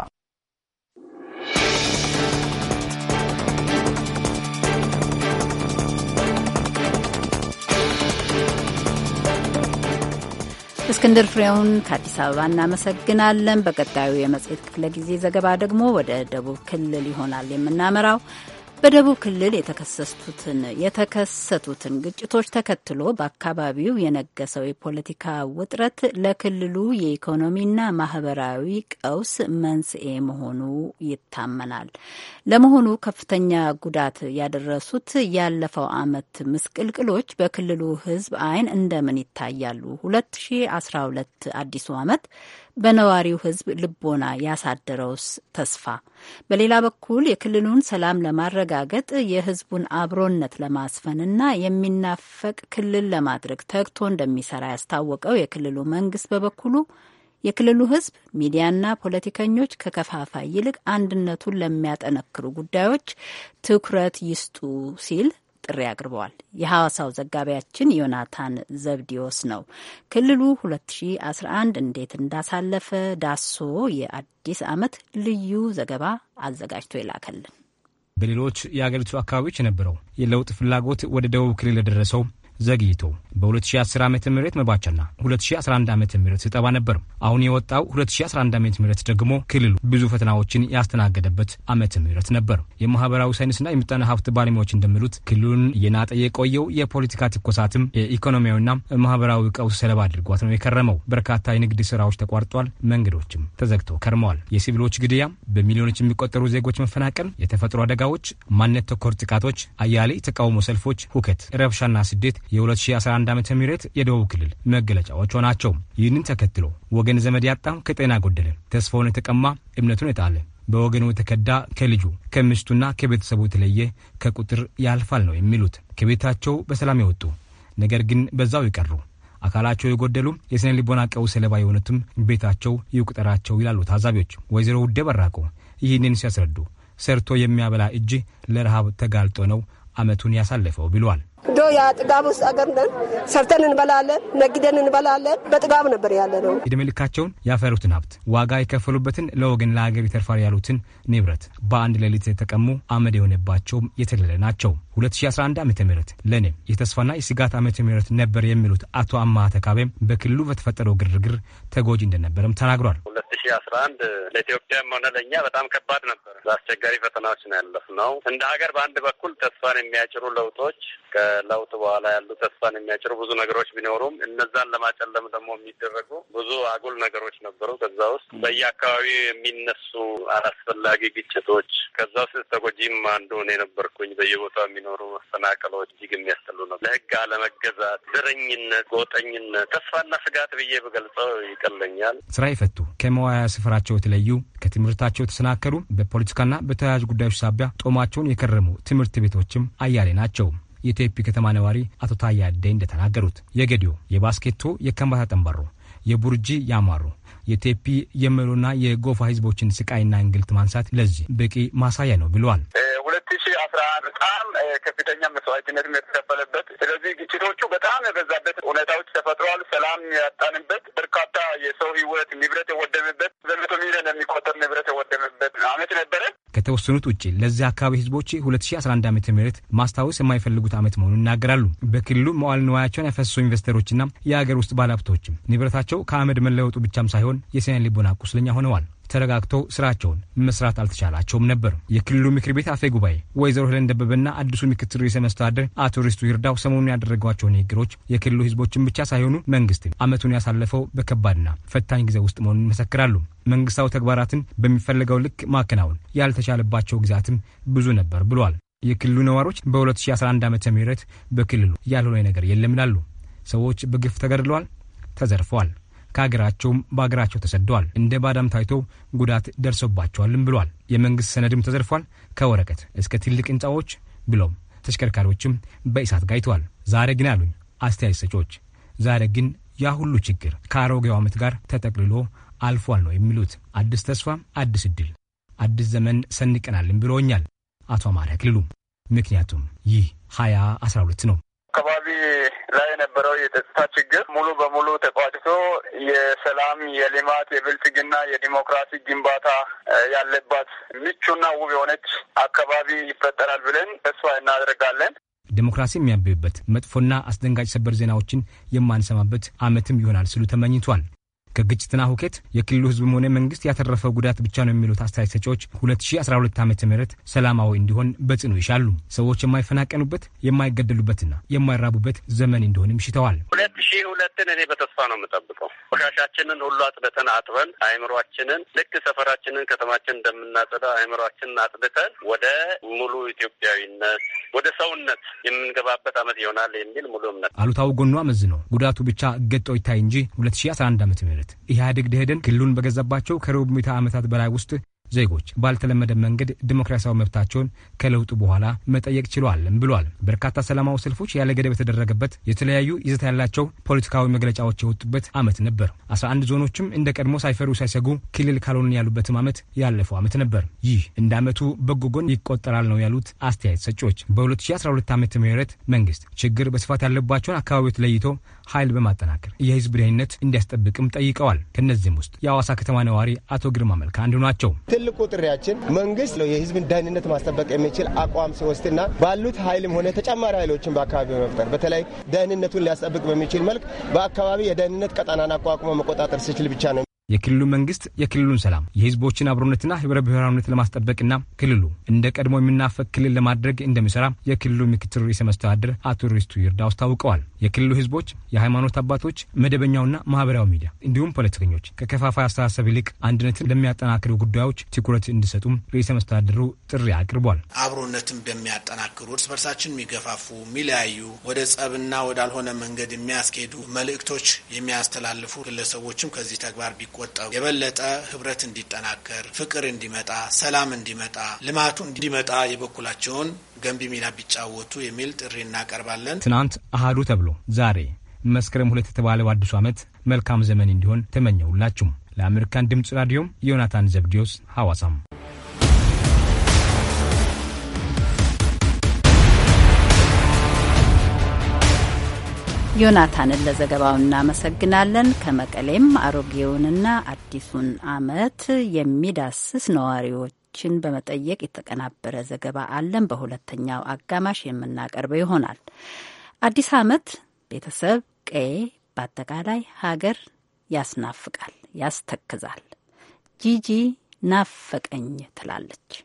A: እስክንድር ፍሬውን ከአዲስ አበባ እናመሰግናለን። በቀጣዩ የመጽሔት ክፍለ ጊዜ ዘገባ ደግሞ ወደ ደቡብ ክልል ይሆናል የምናመራው። በደቡብ ክልል የተከሰቱትን የተከሰቱትን ግጭቶች ተከትሎ በአካባቢው የነገሰው የፖለቲካ ውጥረት ለክልሉ የኢኮኖሚና ማህበራዊ ቀውስ መንስኤ መሆኑ ይታመናል። ለመሆኑ ከፍተኛ ጉዳት ያደረሱት ያለፈው ዓመት ምስቅልቅሎች በክልሉ ሕዝብ አይን እንደምን ይታያሉ? 2012 አዲሱ ዓመት በነዋሪው ሕዝብ ልቦና ያሳደረውስ ተስፋ? በሌላ በኩል የክልሉን ሰላም ለማረጋገጥ የሕዝቡን አብሮነት ለማስፈንና የሚናፈቅ ክልል ለማድረግ ተግቶ እንደሚሰራ ያስታወቀው የክልሉ መንግስት በበኩሉ የክልሉ ሕዝብ ሚዲያና ፖለቲከኞች ከከፋፋይ ይልቅ አንድነቱን ለሚያጠነክሩ ጉዳዮች ትኩረት ይስጡ ሲል ጥሪ አቅርበዋል። የሐዋሳው ዘጋቢያችን ዮናታን ዘብዲዮስ ነው። ክልሉ 2011 እንዴት እንዳሳለፈ ዳሶ የአዲስ ዓመት ልዩ ዘገባ አዘጋጅቶ ይላከልን።
I: በሌሎች የአገሪቱ አካባቢዎች የነበረው የለውጥ ፍላጎት ወደ ደቡብ ክልል የደረሰው ዘግይቶ በ2010 ዓ ም መባቻና 2011 ዓ ም ስጠባ ነበር። አሁን የወጣው 2011 ዓ ም ደግሞ ክልሉ ብዙ ፈተናዎችን ያስተናገደበት ዓመተ ምህረት ነበር። የማህበራዊ ሳይንስና የምጣኔ ሀብት ባለሙያዎች እንደሚሉት ክልሉን እየናጠ የቆየው የፖለቲካ ትኮሳትም የኢኮኖሚያዊና ማህበራዊ ቀውስ ሰለባ አድርጓት ነው የከረመው። በርካታ የንግድ ስራዎች ተቋርጧል፣ መንገዶችም ተዘግተው ከርመዋል። የሲቪሎች ግድያ፣ በሚሊዮኖች የሚቆጠሩ ዜጎች መፈናቀል፣ የተፈጥሮ አደጋዎች፣ ማንነት ተኮር ጥቃቶች፣ አያሌ ተቃውሞ ሰልፎች፣ ሁከት፣ ረብሻና ስደት የ2011 ዓ ም የደቡብ ክልል መገለጫዎቿ ናቸው። ይህንን ተከትሎ ወገን ዘመድ ያጣ፣ ከጤና ጎደለ፣ ተስፋውን የተቀማ፣ እምነቱን የጣለ በወገኑ የተከዳ ከልጁ ከሚስቱና ከቤተሰቡ የተለየ ከቁጥር ያልፋል ነው የሚሉት። ከቤታቸው በሰላም የወጡ ነገር ግን በዛው ይቀሩ አካላቸው የጎደሉ የስነ ልቦና ቀውስ ሰለባ የሆኑትም ቤታቸው ይቁጠራቸው ይላሉ ታዛቢዎች። ወይዘሮ ውዴ በራቆ ይህንን ሲያስረዱ ሰርቶ የሚያበላ እጅ ለረሃብ ተጋልጦ ነው አመቱን ያሳለፈው ብለዋል።
J: ዶ ያ ጥጋብ ውስጥ አገር ነን። ሰርተን እንበላለን፣ ነግደን እንበላለን። በጥጋብ ነበር ያለ ነው።
I: ዕድሜ ልካቸውን ያፈሩትን ሀብት ዋጋ የከፈሉበትን ለወገን ለሀገር ይተርፋል ያሉትን ንብረት በአንድ ሌሊት የተቀሙ አመድ የሆነባቸውም የተለለ ናቸው። 2011 ዓ ም ለእኔ የተስፋና የስጋት ዓ ም ነበር የሚሉት አቶ አማሀ ተካቤም በክልሉ በተፈጠረው ግርግር ተጎጂ እንደነበረም ተናግሯል።
H: 2011 ለኢትዮጵያም ሆነ ለእኛ በጣም ከባድ ነበር። አስቸጋሪ ፈተናዎች ነው ያለፍነው እንደ ሀገር። በአንድ በኩል ተስፋን የሚያጭሩ ለውጦች፣ ከለውጥ በኋላ ያሉ ተስፋን የሚያጭሩ ብዙ ነገሮች ቢኖሩም እነዛን ለማጨለም ደግሞ የሚደረጉ ብዙ አጉል ነገሮች ነበሩ። ከዛ ውስጥ በየአካባቢው የሚነሱ አላስፈላጊ ግጭቶች፣ ከዛ ውስጥ ተጎጂም አንዱ እኔ ነበርኩኝ። በየቦታው የሚኖ የሚኖሩ መፈናቀሎች እጅግ የሚያስጠሉ ነው። ለህግ አለመገዛት፣ ዘረኝነት፣ ጎጠኝነት ተስፋና ስጋት ብዬ ብገልጸው ይቀለኛል።
I: ስራ ይፈቱ፣ ከመዋያ ስፍራቸው የተለዩ፣ ከትምህርታቸው የተሰናከሉ፣ በፖለቲካና በተያያዥ ጉዳዮች ሳቢያ ጦማቸውን የከረሙ ትምህርት ቤቶችም አያሌ ናቸው። የቴፒ ከተማ ነዋሪ አቶ ታያ አደይ እንደተናገሩት የገዲዮ፣ የባስኬቶ፣ የከምባታ ጠንባሮ፣ የቡርጂ ያማሩ የቴፒ የመሎና የጎፋ ህዝቦችን ስቃይና እንግልት ማንሳት ለዚህ በቂ ማሳያ ነው ብለዋል። ሁለት አንድ በጣም ከፍተኛ መስዋዕትነት የተከፈለበት ስለዚህ ግጭቶቹ በጣም የበዛበት ሁኔታዎች ተፈጥሯል። ሰላም ያጣንበት በርካታ የሰው ህይወት ንብረት የወደመበት በመቶ ሚሊዮን የሚቆጠር ንብረት የወደመበት አመት ነበረ። ከተወሰኑት ውጭ ለዚህ አካባቢ ህዝቦች 2011 ዓ ም ማስታወስ የማይፈልጉት ዓመት መሆኑን ይናገራሉ። በክልሉ መዋል ንዋያቸውን ያፈሰሱ ኢንቨስተሮችና የአገር ውስጥ ባለሀብቶችም ንብረታቸው ከአመድ መለወጡ ብቻም ሳይሆን የስነ ልቦና ቁስለኛ ሆነዋል። ተረጋግተው ስራቸውን መስራት አልተቻላቸውም ነበር። የክልሉ ምክር ቤት አፈ ጉባኤ ወይዘሮ ሄለን ደበበና አዲሱ ምክትል ርዕሰ መስተዳድር አቶ ሪስቱ ይርዳው ሰሞኑን ያደረጓቸው ንግግሮች የክልሉ ህዝቦችን ብቻ ሳይሆኑ መንግስትን አመቱን ያሳለፈው በከባድና ፈታኝ ጊዜ ውስጥ መሆኑን ይመሰክራሉ። መንግስታዊ ተግባራትን በሚፈለገው ልክ ማከናወን ያልተቻለባቸው ግዛትም ብዙ ነበር ብሏል። የክልሉ ነዋሪዎች በ2011 ዓ ም በክልሉ ያልሆነ ነገር የለም ይላሉ። ሰዎች በግፍ ተገድለዋል፣ ተዘርፈዋል። ከሀገራቸውም በሀገራቸው ተሰደዋል። እንደ ባዳም ታይቶ ጉዳት ደርሶባቸዋልም ብሏል። የመንግስት ሰነድም ተዘርፏል። ከወረቀት እስከ ትልቅ ህንፃዎች ብሎም ተሽከርካሪዎችም በእሳት ጋይተዋል። ዛሬ ግን አሉኝ አስተያየት ሰጪዎች፣ ዛሬ ግን ያ ሁሉ ችግር ከአሮጌው ዓመት ጋር ተጠቅልሎ አልፏል ነው የሚሉት። አዲስ ተስፋ፣ አዲስ እድል፣ አዲስ ዘመን ሰንቀናልን ብሎኛል አቶ አማረ ክልሉ። ምክንያቱም ይህ 2012 ነው። አካባቢ ላይ የነበረው የጸጥታ
H: ችግር ሙሉ በሙሉ ተቋጭቶ የሰላም፣ የልማት፣ የብልጽግና፣ የዲሞክራሲ ግንባታ ያለባት ምቹና ውብ የሆነች አካባቢ ይፈጠራል
I: ብለን ተስፋ እናደርጋለን። ዲሞክራሲ የሚያብብበት መጥፎና አስደንጋጭ ሰበር ዜናዎችን የማንሰማበት አመትም ይሆናል ሲሉ ተመኝቷል። ከግጭትና ሁከት የክልሉ ህዝብም ሆነ መንግስት ያተረፈው ጉዳት ብቻ ነው የሚሉት አስተያየት ሰጪዎች 2012 ዓ ም ሰላማዊ እንዲሆን በጽኑ ይሻሉ። ሰዎች የማይፈናቀኑበት የማይገደሉበትና የማይራቡበት ዘመን እንዲሆንም ሽተዋል። ሁለት ሺህ ሁለትን እኔ በተስፋ ነው የምጠብቀው። ቆሻሻችንን ሁሉ አጽድተን አጥበን
H: አይምሯችንን ልክ ሰፈራችንን ከተማችን እንደምናጸዳ አይምሯችንን አጽድተን ወደ ሙሉ ኢትዮጵያዊነት ወደ ሰውነት የምንገባበት አመት ይሆናል የሚል ሙሉ እምነት
I: አሉታዊ ጎኗ ነው። ጉዳቱ ብቻ ገጦ ይታይ እንጂ 2011 ዓ ም ኢህአዴግ ደህደን ክልሉን በገዛባቸው ከሩብ ምዕተ ዓመታት በላይ ውስጥ ዜጎች ባልተለመደ መንገድ ዲሞክራሲያዊ መብታቸውን ከለውጡ በኋላ መጠየቅ ችሏልም ብሏል። በርካታ ሰላማዊ ሰልፎች ያለ ገደብ የተደረገበት የተለያዩ ይዘት ያላቸው ፖለቲካዊ መግለጫዎች የወጡበት ዓመት ነበር። አስራ አንድ ዞኖችም እንደ ቀድሞ ሳይፈሩ ሳይሰጉ ክልል ካልሆንን ያሉበትም ዓመት ያለፈው ዓመት ነበር። ይህ እንደ ዓመቱ በጎ ጎን ይቆጠራል ነው ያሉት አስተያየት ሰጪዎች። በ2012 ዓመተ ምህረት መንግስት ችግር በስፋት ያለባቸውን አካባቢዎች ለይቶ ኃይል በማጠናከር የህዝብ ደህንነት እንዲያስጠብቅም ጠይቀዋል። ከእነዚህም ውስጥ የአዋሳ ከተማ ነዋሪ አቶ ግርማ መልካ አንዱ ናቸው።
E: ትልቁ ጥሪያችን መንግስት የህዝብን ደህንነት ማስጠበቅ የሚችል አቋም ሲወስድና ባሉት ኃይልም ሆነ ተጨማሪ ኃይሎችን በአካባቢ በመፍጠር በተለይ ደህንነቱን ሊያስጠብቅ በሚችል መልክ በአካባቢ የደህንነት ቀጠናን አቋቁሞ መቆጣጠር ሲችል ብቻ ነው
I: የክልሉ መንግስት የክልሉን ሰላም የህዝቦችን አብሮነትና ህብረ ብሔራዊነት ለማስጠበቅና ክልሉ እንደ ቀድሞ የምናፈቅ ክልል ለማድረግ እንደሚሰራ የክልሉ ምክትል ርዕሰ መስተዳድር አቶ ሪስቱ ይርዳ አስታውቀዋል። የክልሉ ህዝቦች፣ የሃይማኖት አባቶች፣ መደበኛውና ማህበራዊ ሚዲያ እንዲሁም ፖለቲከኞች ከከፋፋይ አስተሳሰብ ይልቅ አንድነትን ለሚያጠናክሩ ጉዳዮች ትኩረት እንዲሰጡም ርዕሰ መስተዳድሩ ጥሪ አቅርቧል።
K: አብሮነትን በሚያጠናክሩ እርስ በርሳችን የሚገፋፉ የሚለያዩ፣ ወደ ጸብና ወዳልሆነ መንገድ የሚያስኬዱ መልእክቶች የሚያስተላልፉ ግለሰቦችም ከዚህ ተግባር ቢቆ እንዲቆጠቡ፣ የበለጠ ህብረት እንዲጠናከር፣ ፍቅር እንዲመጣ፣ ሰላም እንዲመጣ፣ ልማቱ እንዲመጣ የበኩላቸውን ገንቢ ሚና ቢጫወቱ የሚል ጥሪ እናቀርባለን።
I: ትናንት አህዱ ተብሎ ዛሬ መስከረም ሁለት የተባለው አዲሱ ዓመት መልካም ዘመን እንዲሆን ተመኘሁላችሁ። ለአሜሪካን ድምፅ ራዲዮም ዮናታን ዘብዲዮስ ሐዋሳም
A: ዮናታንን ለዘገባው እናመሰግናለን። ከመቀሌም አሮጌውንና አዲሱን ዓመት የሚዳስስ ነዋሪዎችን በመጠየቅ የተቀናበረ ዘገባ አለን። በሁለተኛው አጋማሽ የምናቀርበው ይሆናል። አዲስ ዓመት ቤተሰብ፣ ቀዬ፣ በአጠቃላይ ሀገር ያስናፍቃል፣ ያስተክዛል። ጂጂ ናፈቀኝ ትላለች።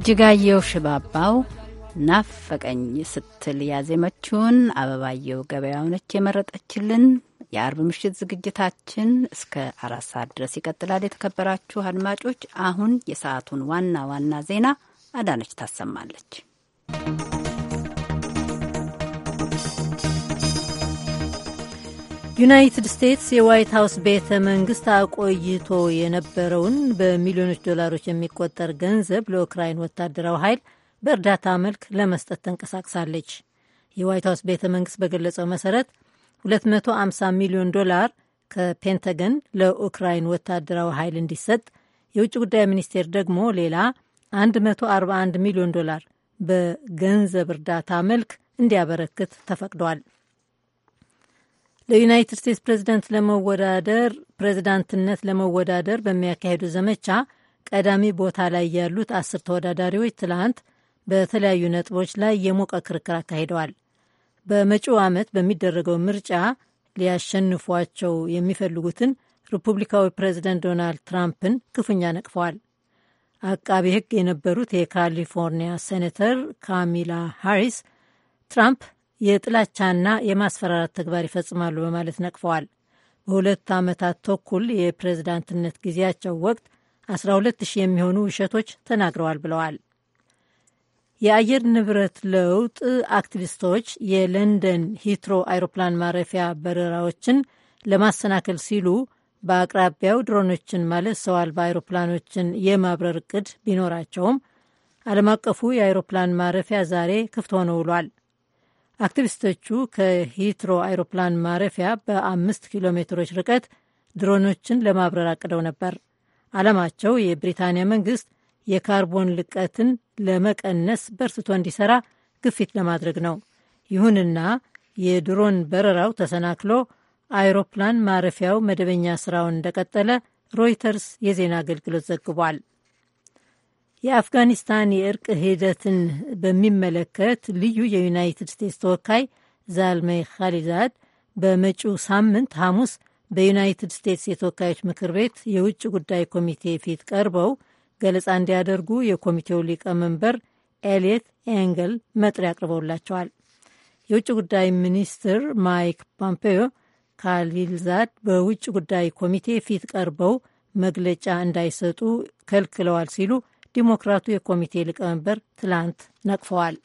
A: እጅጋየው ሽባባው ናፈቀኝ ስትል ያዜመችውን አበባየው ገበያው ነች የመረጠችልን። የአርብ ምሽት ዝግጅታችን እስከ አራት ሰዓት ድረስ ይቀጥላል። የተከበራችሁ አድማጮች፣ አሁን የሰዓቱን ዋና ዋና ዜና አዳነች ታሰማለች።
B: ዩናይትድ ስቴትስ የዋይት ሀውስ ቤተ መንግስት አቆይቶ የነበረውን በሚሊዮኖች ዶላሮች የሚቆጠር ገንዘብ ለኡክራይን ወታደራዊ ኃይል በእርዳታ መልክ ለመስጠት ተንቀሳቅሳለች። የዋይት ሀውስ ቤተ መንግስት በገለጸው መሰረት 250 ሚሊዮን ዶላር ከፔንተገን ለኡክራይን ወታደራዊ ኃይል እንዲሰጥ፣ የውጭ ጉዳይ ሚኒስቴር ደግሞ ሌላ 141 ሚሊዮን ዶላር በገንዘብ እርዳታ መልክ እንዲያበረክት ተፈቅዷል። ለዩናይትድ ስቴትስ ፕሬዚደንት ለመወዳደር ፕሬዚዳንትነት ለመወዳደር በሚያካሄዱ ዘመቻ ቀዳሚ ቦታ ላይ ያሉት አስር ተወዳዳሪዎች ትላንት በተለያዩ ነጥቦች ላይ የሞቀ ክርክር አካሂደዋል። በመጪው ዓመት በሚደረገው ምርጫ ሊያሸንፏቸው የሚፈልጉትን ሪፑብሊካዊ ፕሬዚደንት ዶናልድ ትራምፕን ክፉኛ ነቅፈዋል። አቃቢ ሕግ የነበሩት የካሊፎርኒያ ሴኔተር ካሚላ ሃሪስ ትራምፕ የጥላቻና የማስፈራራት ተግባር ይፈጽማሉ በማለት ነቅፈዋል። በሁለት ዓመታት ተኩል የፕሬዝዳንትነት ጊዜያቸው ወቅት 12 የሚሆኑ ውሸቶች ተናግረዋል ብለዋል። የአየር ንብረት ለውጥ አክቲቪስቶች የለንደን ሂትሮ አይሮፕላን ማረፊያ በረራዎችን ለማሰናከል ሲሉ በአቅራቢያው ድሮኖችን ማለት ሰው አልባ አይሮፕላኖችን የማብረር እቅድ ቢኖራቸውም ዓለም አቀፉ የአይሮፕላን ማረፊያ ዛሬ ክፍት ሆኖ ውሏል። አክቲቪስቶቹ ከሂትሮ አይሮፕላን ማረፊያ በአምስት ኪሎ ሜትሮች ርቀት ድሮኖችን ለማብረር አቅደው ነበር። ዓላማቸው የብሪታንያ መንግስት የካርቦን ልቀትን ለመቀነስ በርትቶ እንዲሰራ ግፊት ለማድረግ ነው። ይሁንና የድሮን በረራው ተሰናክሎ አይሮፕላን ማረፊያው መደበኛ ስራውን እንደቀጠለ ሮይተርስ የዜና አገልግሎት ዘግቧል። የአፍጋኒስታን የእርቅ ሂደትን በሚመለከት ልዩ የዩናይትድ ስቴትስ ተወካይ ዛልሜይ ኻሊዛድ በመጪው ሳምንት ሐሙስ በዩናይትድ ስቴትስ የተወካዮች ምክር ቤት የውጭ ጉዳይ ኮሚቴ ፊት ቀርበው ገለጻ እንዲያደርጉ የኮሚቴው ሊቀመንበር ኤልየት ኤንገል መጥሪያ አቅርበውላቸዋል። የውጭ ጉዳይ ሚኒስትር ማይክ ፖምፔዮ ካሊልዛድ በውጭ ጉዳይ ኮሚቴ ፊት ቀርበው መግለጫ እንዳይሰጡ ከልክለዋል ሲሉ ዲሞክራቱ የኮሚቴ ሊቀመንበር ትላንት
A: ነቅፈዋል።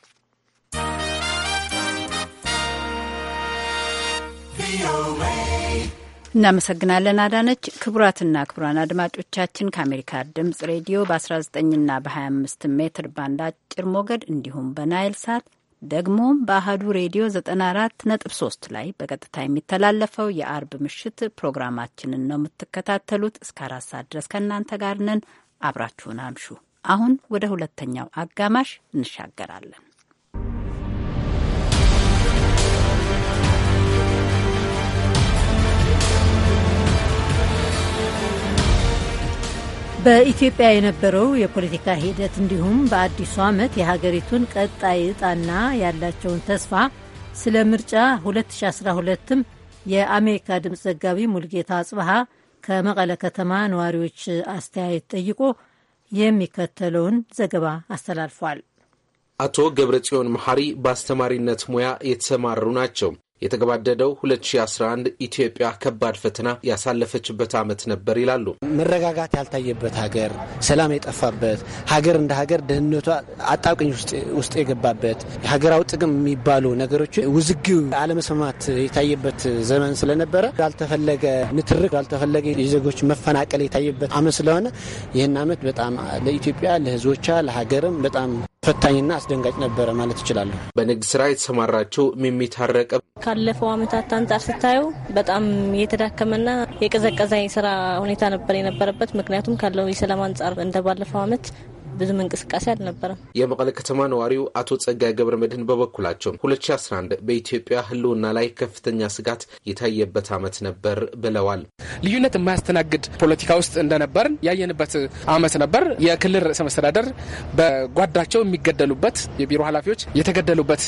A: እናመሰግናለን አዳነች። ክቡራትና ክቡራን አድማጮቻችን ከአሜሪካ ድምጽ ሬዲዮ በ19ና በ25 ሜትር ባንድ አጭር ሞገድ እንዲሁም በናይል ሳት ደግሞም በአህዱ ሬዲዮ 94.3 ላይ በቀጥታ የሚተላለፈው የአርብ ምሽት ፕሮግራማችንን ነው የምትከታተሉት። እስከ አራት ሰዓት ድረስ ከእናንተ ጋር ነን። አብራችሁን አምሹ። አሁን ወደ ሁለተኛው አጋማሽ እንሻገራለን።
B: በኢትዮጵያ የነበረው የፖለቲካ ሂደት እንዲሁም በአዲሱ ዓመት የሀገሪቱን ቀጣይ ዕጣና ያላቸውን ተስፋ ስለ ምርጫ 2012ም የአሜሪካ ድምፅ ዘጋቢ ሙልጌታ አጽብሃ ከመቀለ ከተማ ነዋሪዎች አስተያየት ጠይቆ የሚከተለውን ዘገባ አስተላልፏል።
L: አቶ ገብረ ጽዮን መሐሪ በአስተማሪነት ሙያ የተሰማሩ ናቸው። የተገባደደው 2011 ኢትዮጵያ ከባድ ፈተና ያሳለፈችበት ዓመት ነበር ይላሉ።
K: መረጋጋት ያልታየበት ሀገር፣ ሰላም የጠፋበት ሀገር፣ እንደ ሀገር ደህንነቷ አጣብቂኝ ውስጥ የገባበት ሀገራዊ ጥቅም የሚባሉ ነገሮች ውዝግብ፣ አለመስማማት የታየበት ዘመን ስለነበረ ያልተፈለገ ንትርክ፣ ያልተፈለገ የዜጎች መፈናቀል የታየበት ዓመት ስለሆነ ይህን ዓመት በጣም ለኢትዮጵያ ለህዝቦቻ ለሀገርም በጣም ፈታኝና አስደንጋጭ
L: ነበረ ማለት ይችላሉ። በንግድ ስራ የተሰማራቸው የሚታረቀ
J: ካለፈው ዓመታት አንጻር ስታየው በጣም የተዳከመና የቀዘቀዛ የስራ ሁኔታ ነበር የነበረበት። ምክንያቱም ካለው የሰላም አንጻር እንደ ባለፈው ዓመት ብዙም እንቅስቃሴ አልነበረም።
L: የመቀለ ከተማ ነዋሪው አቶ ጸጋ ገብረ መድህን በበኩላቸው 2011 በኢትዮጵያ ሕልውና ላይ ከፍተኛ ስጋት የታየበት አመት ነበር ብለዋል። ልዩነት የማያስተናግድ ፖለቲካ ውስጥ እንደነበር
M: ያየንበት አመት ነበር። የክልል ርዕሰ መስተዳደር በጓዳቸው የሚገደሉበት፣ የቢሮ ኃላፊዎች የተገደሉበት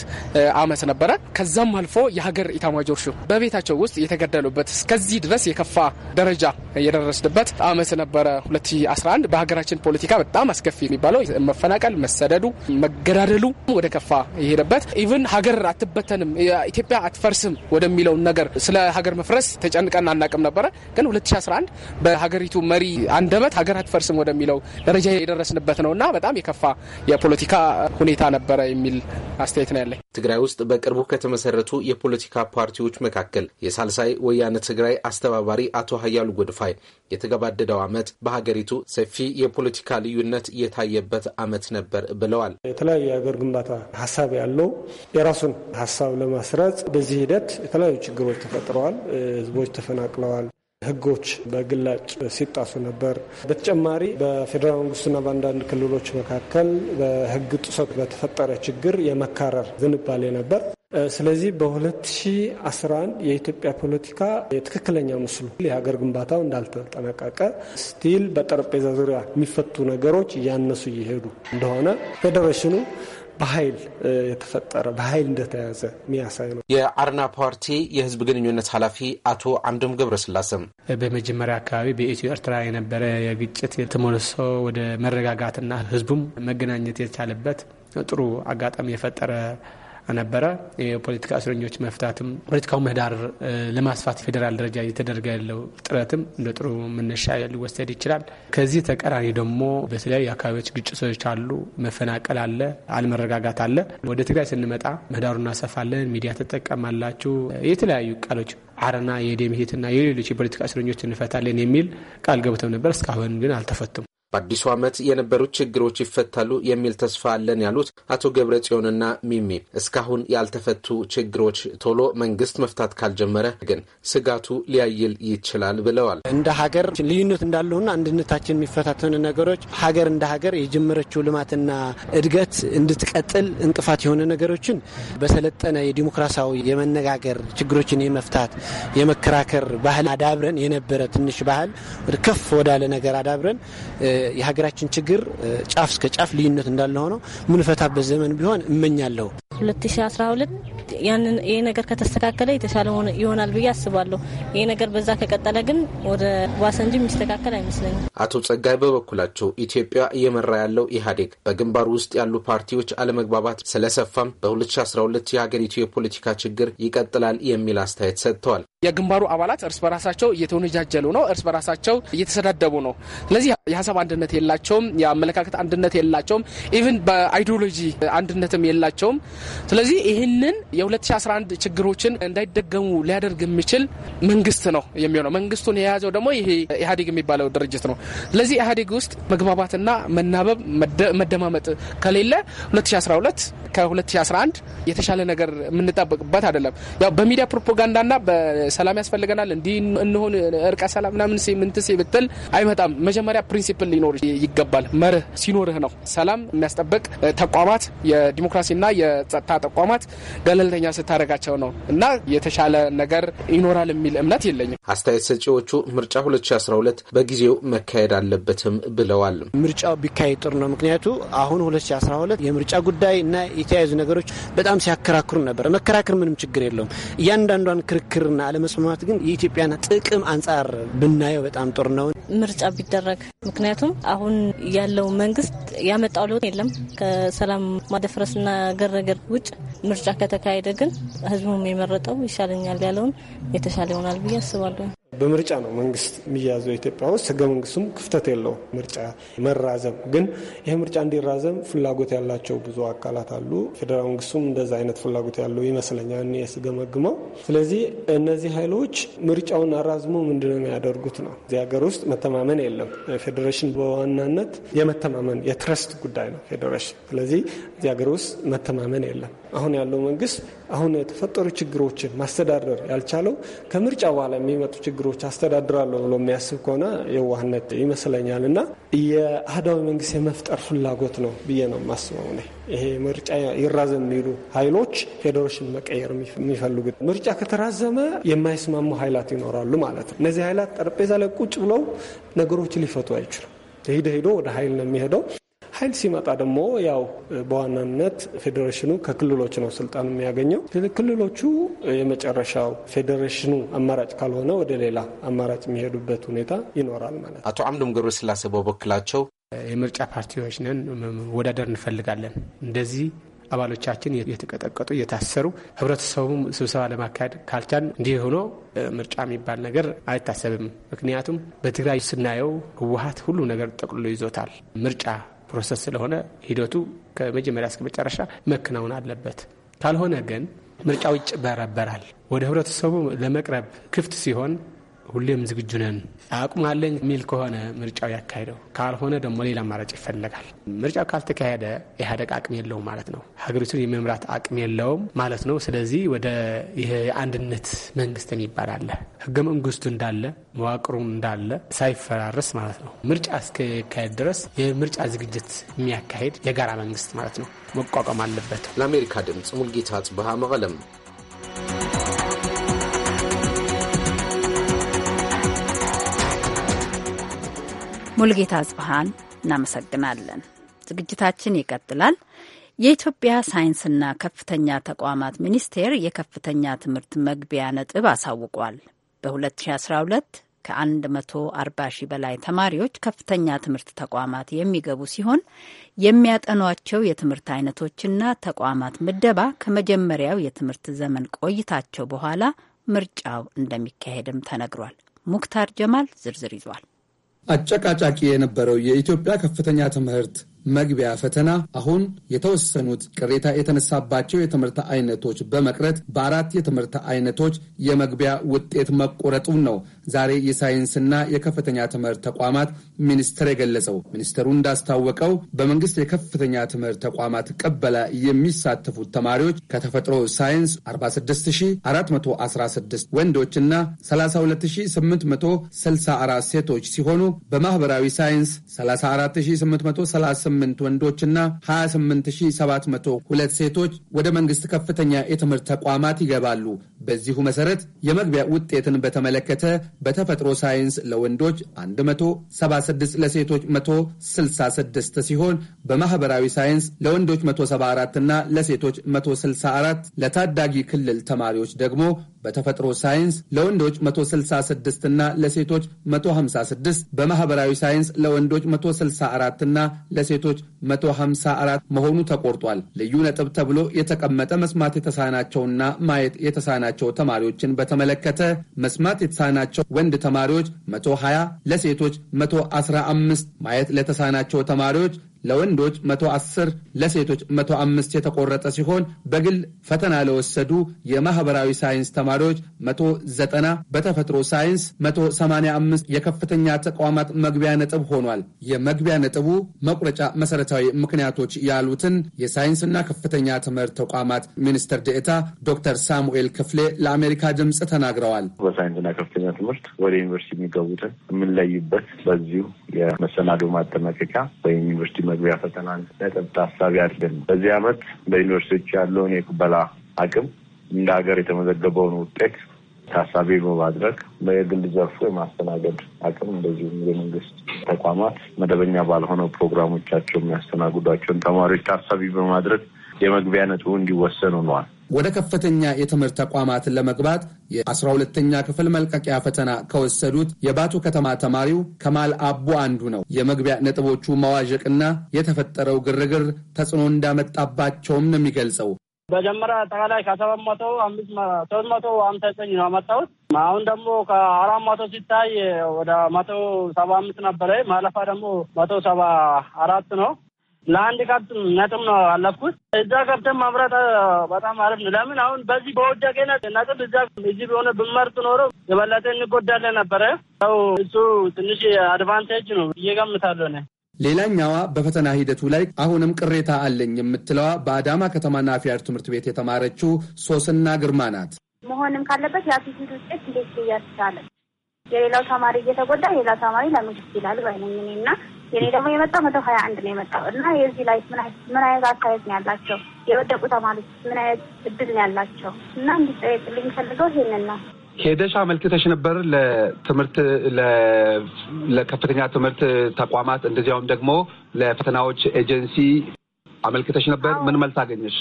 M: አመት ነበረ። ከዛም አልፎ የሀገር ኢታማጆር ሹም በቤታቸው ውስጥ የተገደሉበት እስከዚህ ድረስ የከፋ ደረጃ የደረስንበት አመት ነበረ 2011 በሀገራችን ፖለቲካ በጣም አስከፊ የሚባለው መፈናቀል፣ መሰደዱ፣ መገዳደሉ ወደ ከፋ የሄደበት ኢቭን ሀገር አትበተንም ኢትዮጵያ አትፈርስም ወደሚለውን ነገር ስለ ሀገር መፍረስ ተጨንቀን አናቅም ነበረ። ግን 2011 በሀገሪቱ መሪ አንደበት ሀገር አትፈርስም ወደሚለው ደረጃ የደረስንበት ነው እና በጣም የከፋ የፖለቲካ ሁኔታ ነበረ
L: የሚል አስተያየት ነው ያለኝ። ትግራይ ውስጥ በቅርቡ ከተመሰረቱ የፖለቲካ ፓርቲዎች መካከል የሳልሳይ ወያነ ትግራይ አስተባባሪ አቶ ሀያሉ ጎድፋይ የተገባደደው ዓመት በሀገሪቱ ሰፊ የፖለቲካ ልዩነት የታ የታየበት አመት ነበር ብለዋል።
N: የተለያዩ የሀገር ግንባታ ሀሳብ ያለው የራሱን ሀሳብ ለማስረጽ በዚህ ሂደት የተለያዩ ችግሮች ተፈጥረዋል። ህዝቦች ተፈናቅለዋል። ህጎች በግላጭ ሲጣሱ ነበር። በተጨማሪ በፌዴራል መንግስቱና በአንዳንድ ክልሎች መካከል በህግ ጥሰት በተፈጠረ ችግር የመካረር ዝንባሌ ነበር። ስለዚህ በ2011 የኢትዮጵያ ፖለቲካ የትክክለኛ ምስሉ የሀገር ግንባታው እንዳልተጠናቀቀ ስቲል በጠረጴዛ ዙሪያ የሚፈቱ ነገሮች እያነሱ እየሄዱ እንደሆነ ፌዴሬሽኑ በኃይል
O: የተፈጠረ በኃይል እንደተያዘ የሚያሳይ ነው።
L: የአርና ፓርቲ የህዝብ ግንኙነት ኃላፊ አቶ አምዶም ገብረስላሴም
O: በመጀመሪያ አካባቢ በኢትዮ ኤርትራ የነበረ የግጭት ተመልሶ ወደ መረጋጋትና ህዝቡም መገናኘት የቻለበት ጥሩ አጋጣሚ የፈጠረ ነበረ። የፖለቲካ እስረኞች መፍታትም ፖለቲካው ምህዳር ለማስፋት ፌዴራል ደረጃ እየተደረገ ያለው ጥረትም እንደ ጥሩ መነሻ ሊወሰድ ይችላል። ከዚህ ተቀራኒ ደግሞ በተለያዩ አካባቢዎች ግጭቶች አሉ፣ መፈናቀል አለ፣ አለመረጋጋት አለ። ወደ ትግራይ ስንመጣ ምህዳሩ እናሰፋለን፣ ሚዲያ ትጠቀማላችሁ፣ የተለያዩ ቃሎች አረና፣ የደምሂትና የሌሎች የፖለቲካ እስረኞች እንፈታለን የሚል ቃል ገብተው ነበር። እስካሁን ግን አልተፈቱም።
L: በአዲሱ ዓመት የነበሩት ችግሮች ይፈታሉ የሚል ተስፋ አለን ያሉት አቶ ገብረ ጽዮንና ሚሚ እስካሁን ያልተፈቱ ችግሮች ቶሎ መንግስት መፍታት ካልጀመረ ግን ስጋቱ ሊያይል ይችላል ብለዋል።
K: እንደ ሀገር ልዩነት እንዳለሁና አንድነታችን የሚፈታተኑ ነገሮች ሀገር እንደ ሀገር የጀመረችው ልማትና እድገት እንድትቀጥል እንቅፋት የሆነ ነገሮችን በሰለጠነ የዲሞክራሲያዊ የመነጋገር ችግሮችን የመፍታት የመከራከር ባህል አዳብረን የነበረ ትንሽ ባህል ከፍ ወዳለ ነገር አዳብረን የሀገራችን ችግር ጫፍ እስከ ጫፍ ልዩነት እንዳለ ሆነው ምንፈታበት ዘመን ቢሆን እመኛለሁ።
J: 2012 ያንን ይሄ ነገር ከተስተካከለ የተሻለ ይሆናል ብዬ አስባለሁ። ይህ ነገር በዛ ከቀጠለ ግን ወደ ባሰ እንጂ የሚስተካከል አይመስለኝም።
L: አቶ ጸጋይ በበኩላቸው ኢትዮጵያ እየመራ ያለው ኢህአዴግ በግንባር ውስጥ ያሉ ፓርቲዎች አለመግባባት ስለሰፋም በ2012 የሀገሪቱ የፖለቲካ ችግር ይቀጥላል የሚል አስተያየት ሰጥተዋል።
M: የግንባሩ አባላት እርስ በራሳቸው እየተወነጃጀሉ ነው፣ እርስ በራሳቸው እየተሰዳደቡ ነው። ስለዚህ የሀሳብ አንድነት የላቸውም፣ የአመለካከት አንድነት የላቸውም፣ ኢቭን በአይዲዮሎጂ አንድነትም የላቸውም። ስለዚህ ይህንን የ2011 ችግሮችን እንዳይደገሙ ሊያደርግ የሚችል መንግስት ነው የሚሆነው። መንግስቱን የያዘው ደግሞ ይሄ ኢህአዴግ የሚባለው ድርጅት ነው። ስለዚህ ኢህአዴግ ውስጥ መግባባትና መናበብ መደማመጥ ከሌለ 2012 ከ2011 የተሻለ ነገር የምንጠብቅበት አይደለም። ያው በሚዲያ ፕሮፓጋንዳና ሰላም ያስፈልገናል እንዲህ እንሆን እርቀ ሰላም ምናምን ምንትሴ ብትል አይመጣም። መጀመሪያ ፕሪንሲፕል ሊኖር ይገባል። መርህ ሲኖርህ ነው ሰላም የሚያስጠብቅ ተቋማት የዲሞክራሲና የጸጥታ ተቋማት ገለልተኛ ስታደረጋቸው ነው እና የተሻለ ነገር
L: ይኖራል የሚል እምነት የለኝም። አስተያየት ሰጪዎቹ ምርጫ 2012 በጊዜው መካሄድ አለበትም ብለዋል።
K: ምርጫው ቢካሄድ ጥሩ ነው። ምክንያቱ አሁን 2012 የምርጫ ጉዳይ እና የተያያዙ ነገሮች በጣም ሲያከራክሩ ነበር። መከራከር ምንም ችግር የለውም። እያንዳንዷን ክርክርና አለመስማማት ግን የኢትዮጵያን ጥቅም አንጻር ብናየው በጣም ጥሩ ነው
J: ምርጫ ቢደረግ። ምክንያቱም አሁን ያለው መንግስት ያመጣው ለውጥ የለም ከሰላም ማደፍረስና ገረገር ውጭ። ምርጫ ከተካሄደ ግን ህዝቡም የመረጠው ይሻለኛል ያለውን የተሻለ ይሆናል ብዬ አስባለሁ።
N: በምርጫ ነው መንግስት የሚያዘው ኢትዮጵያ ውስጥ። ህገ መንግስቱም ክፍተት የለው ምርጫ መራዘም ግን ይህ ምርጫ እንዲራዘም ፍላጎት ያላቸው ብዙ አካላት አሉ። ፌዴራል መንግስቱም እንደዛ አይነት ፍላጎት ያለው ይመስለኛል ስገመግመው። ስለዚህ እነዚህ ኃይሎች ምርጫውን አራዝሞ ምንድነው የሚያደርጉት ነው። እዚህ ሀገር ውስጥ መተማመን የለም። ፌዴሬሽን በዋናነት የመተማመን የትረስት ጉዳይ ነው ፌዴሬሽን። ስለዚህ እዚህ ሀገር ውስጥ መተማመን የለም። አሁን ያለው መንግስት አሁን የተፈጠሩ ችግሮችን ማስተዳደር ያልቻለው ከምርጫ በኋላ የሚመጡ ችግሮች አስተዳድራለሁ ብሎ የሚያስብ ከሆነ የዋህነት ይመስለኛል እና የአህዳዊ መንግስት የመፍጠር ፍላጎት ነው ብዬ ነው የማስበው። ይሄ ምርጫ ይራዘም የሚሉ ኃይሎች ፌዴሬሽን መቀየር የሚፈልጉት ምርጫ ከተራዘመ የማይስማሙ ኃይላት ይኖራሉ ማለት ነው። እነዚህ ኃይላት ጠረጴዛ ላይ ቁጭ ብለው ነገሮች ሊፈቱ አይችሉም። ሄደ ሄዶ ወደ ኃይል ነው የሚሄደው። ኃይል ሲመጣ ደግሞ ያው በዋናነት ፌዴሬሽኑ ከክልሎች ነው ስልጣን የሚያገኘው። ክልሎቹ የመጨረሻው ፌዴሬሽኑ
O: አማራጭ ካልሆነ ወደ ሌላ አማራጭ የሚሄዱበት ሁኔታ ይኖራል ማለት
L: ነው። አቶ አምዶም ገብረስላሴ በበኩላቸው
O: የምርጫ ፓርቲዎች ነን፣ መወዳደር እንፈልጋለን። እንደዚህ አባሎቻችን የተቀጠቀጡ እየታሰሩ ህብረተሰቡ ስብሰባ ለማካሄድ ካልቻል እንዲህ ሆኖ ምርጫ የሚባል ነገር አይታሰብም። ምክንያቱም በትግራይ ስናየው ህወሀት ሁሉ ነገር ጠቅልሎ ይዞታል። ምርጫ ፕሮሰስ ስለሆነ ሂደቱ ከመጀመሪያ እስከ መጨረሻ መከናወን አለበት። ካልሆነ ግን ምርጫው ይጭበረበራል። ወደ ህብረተሰቡ ለመቅረብ ክፍት ሲሆን ሁሌም ዝግጁ ነን። አቅሙ አለኝ የሚል ከሆነ ምርጫው ያካሄደው፣ ካልሆነ ደግሞ ሌላ አማራጭ ይፈለጋል። ምርጫው ካልተካሄደ ኢህአዴግ አቅም የለውም ማለት ነው። ሀገሪቱን የመምራት አቅም የለውም ማለት ነው። ስለዚህ ወደ አንድነት መንግስት የሚባል አለ። ህገ መንግስቱ እንዳለ መዋቅሩ እንዳለ ሳይፈራረስ ማለት ነው። ምርጫ እስከካሄድ ድረስ የምርጫ ዝግጅት የሚያካሄድ የጋራ መንግስት ማለት ነው መቋቋም አለበት።
L: ለአሜሪካ ድምፅ ሙልጌታ ጽብሃ መቀለም
A: ሙልጌታ ጽብሃን እናመሰግናለን። ዝግጅታችን ይቀጥላል። የኢትዮጵያ ሳይንስና ከፍተኛ ተቋማት ሚኒስቴር የከፍተኛ ትምህርት መግቢያ ነጥብ አሳውቋል። በ2012 ከ140 ሺህ በላይ ተማሪዎች ከፍተኛ ትምህርት ተቋማት የሚገቡ ሲሆን የሚያጠኗቸው የትምህርት አይነቶችና ተቋማት ምደባ ከመጀመሪያው የትምህርት ዘመን ቆይታቸው በኋላ ምርጫው እንደሚካሄድም ተነግሯል። ሙክታር ጀማል ዝርዝር ይዟል።
P: አጨቃጫቂ የነበረው የኢትዮጵያ ከፍተኛ ትምህርት መግቢያ ፈተና አሁን የተወሰኑት ቅሬታ የተነሳባቸው የትምህርት አይነቶች በመቅረት በአራት የትምህርት አይነቶች የመግቢያ ውጤት መቆረጡን ነው ዛሬ የሳይንስና የከፍተኛ ትምህርት ተቋማት ሚኒስትር የገለጸው። ሚኒስትሩ እንዳስታወቀው በመንግስት የከፍተኛ ትምህርት ተቋማት ቀበላ የሚሳተፉት ተማሪዎች ከተፈጥሮ ሳይንስ 46416 ወንዶችና 32864 ሴቶች ሲሆኑ በማህበራዊ ሳይንስ 34838 8 ወንዶችና 28702 ሴቶች ወደ መንግስት ከፍተኛ የትምህርት ተቋማት ይገባሉ። በዚሁ መሰረት የመግቢያ ውጤትን በተመለከተ በተፈጥሮ ሳይንስ ለወንዶች 176፣ ለሴቶች 166 ሲሆን በማህበራዊ ሳይንስ ለወንዶች 174 እና ለሴቶች 164፣ ለታዳጊ ክልል ተማሪዎች ደግሞ በተፈጥሮ ሳይንስ ለወንዶች 166 እና ለሴቶች 156፣ በማህበራዊ ሳይንስ ለወንዶች 164 እና ለሴቶች 154 መሆኑ ተቆርጧል። ልዩ ነጥብ ተብሎ የተቀመጠ መስማት የተሳናቸውና ማየት የተሳናቸው ተማሪዎችን በተመለከተ መስማት የተሳናቸው ወንድ ተማሪዎች 120፣ ለሴቶች 115፣ ማየት ለተሳናቸው ተማሪዎች ለወንዶች 110 ለሴቶች 105 የተቆረጠ ሲሆን በግል ፈተና ለወሰዱ የማህበራዊ ሳይንስ ተማሪዎች 190 በተፈጥሮ ሳይንስ 185 የከፍተኛ ተቋማት መግቢያ ነጥብ ሆኗል። የመግቢያ ነጥቡ መቁረጫ መሰረታዊ ምክንያቶች ያሉትን የሳይንስና ከፍተኛ ትምህርት ተቋማት ሚኒስትር ዴኤታ ዶክተር ሳሙኤል ክፍሌ ለአሜሪካ ድምፅ ተናግረዋል።
H: በሳይንስና ከፍተኛ ትምህርት ወደ ዩኒቨርሲቲ የሚገቡትን የምንለይበት በዚሁ የመሰናዶ ማጠናቀቂያ ዩኒቨርሲቲ መግቢያ ፈተናን ነጥብ ታሳቢ አድርገን በዚህ ዓመት በዩኒቨርሲቲዎች ያለውን የቅበላ አቅም እንደ ሀገር የተመዘገበውን ውጤት ታሳቢ በማድረግ በግል ዘርፉ የማስተናገድ አቅም እንደዚሁም የመንግስት ተቋማት መደበኛ ባልሆነው ፕሮግራሞቻቸው የሚያስተናግዷቸውን ተማሪዎች ታሳቢ በማድረግ የመግቢያ ነጥቡ እንዲወሰን ሆነዋል።
P: ወደ ከፍተኛ የትምህርት ተቋማት ለመግባት የ12ተኛ ክፍል መልቀቂያ ፈተና ከወሰዱት የባቱ ከተማ ተማሪው ከማል አቡ አንዱ ነው። የመግቢያ ነጥቦቹ መዋዠቅና የተፈጠረው ግርግር ተጽዕኖ እንዳመጣባቸውም ነው የሚገልጸው።
K: መጀመሪያ አጠቃላይ ከሰባት መቶ አምስት ሶስት መቶ አምሳ ዘጠኝ ነው ያመጣሁት። አሁን ደግሞ ከአራት መቶ ሲታይ ወደ መቶ ሰባ አምስት ነበረ። ማለፋ ደግሞ መቶ ሰባ አራት ነው ለአንድ ከብት ነጥብ ነው አለፍኩት። እዛ ከብተን ማምረት በጣም አሪፍ ነው። ለምን አሁን በዚህ በወደቀ ነጥብ እዛ እዚህ ቢሆነ ብመርጥ ኖሮ የበለጠ እንጎዳለ ነበረ። ያው እሱ ትንሽ አድቫንቴጅ ነው እየገምታለሁ
P: እኔ። ሌላኛዋ በፈተና ሂደቱ ላይ አሁንም ቅሬታ አለኝ የምትለዋ በአዳማ ከተማና አፍያር ትምህርት ቤት የተማረችው ሶስና ግርማ ናት።
A: መሆንም ካለበት የአቲቲዩድ ውጤት እንዴት ሊያስቻለን የሌላው ተማሪ እየተጎዳ ሌላ ተማሪ ለምግስ ይላል ባይነኝና የኔ ደግሞ የመጣው መቶ ሀያ አንድ ነው የመጣው እና የዚህ ላይ ምን አይነት አካሄድ ነው ያላቸው? የወደቁ ተማሪዎች ምን አይነት እድል ነው ያላቸው? እና እንዲጠየቅልኝ ፈልገው ይሄንን ነው።
P: ሄደሽ አመልክተሽ ነበር ለትምህርት ለከፍተኛ ትምህርት ተቋማት እንደዚያውም ደግሞ ለፈተናዎች ኤጀንሲ አመልክተሽ ነበር? ምን መልስ አገኘሽ?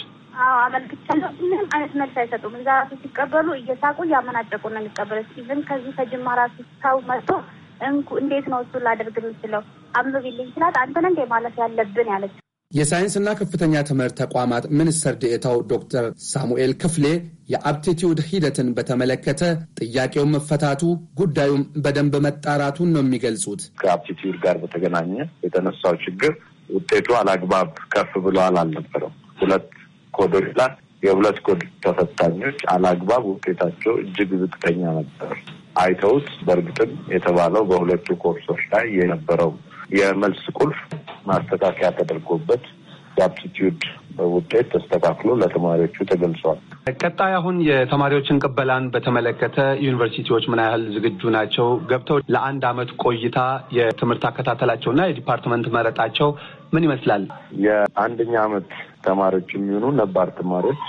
A: አዎ አመልክቻለሁ። ምንም አይነት መልስ አይሰጡም። እዛ ራሱ ሲቀበሉ እየሳቁ እያመናጨቁ ነው የሚቀበሉት። ኢቭን ከዚህ ከጅማ ራሱ መጥቶ እንኩ እንዴት ነው እሱን ላደርግ የምችለው አንብቢልኝ ስላት አንተነ እንዴ ማለፍ ያለብን ያለች።
P: የሳይንስና ከፍተኛ ትምህርት ተቋማት ሚኒስትር ዴኤታው ዶክተር ሳሙኤል ክፍሌ የአፕቲቲዩድ ሂደትን በተመለከተ ጥያቄው መፈታቱ ጉዳዩም በደንብ መጣራቱን ነው የሚገልጹት።
H: ከአፕቲቲዩድ ጋር በተገናኘ የተነሳው ችግር ውጤቱ አላግባብ ከፍ ብለዋል አልነበረም። ሁለት ኮዶች ላይ የሁለት ኮድ ተፈታኞች አላግባብ ውጤታቸው እጅግ ዝቅተኛ ነበር። አይተውት በእርግጥም የተባለው በሁለቱ ኮርሶች ላይ የነበረው የመልስ ቁልፍ ማስተካከያ ተደርጎበት የአፕቲቲዩድ ውጤት ተስተካክሎ ለተማሪዎቹ ተገልጿል።
P: ቀጣይ አሁን የተማሪዎችን ቅበላን በተመለከተ ዩኒቨርሲቲዎች ምን ያህል ዝግጁ ናቸው? ገብተው ለአንድ አመት ቆይታ የትምህርት አከታተላቸው እና የዲፓርትመንት መረጣቸው ምን ይመስላል?
H: የአንደኛ አመት ተማሪዎች የሚሆኑ ነባር ተማሪዎች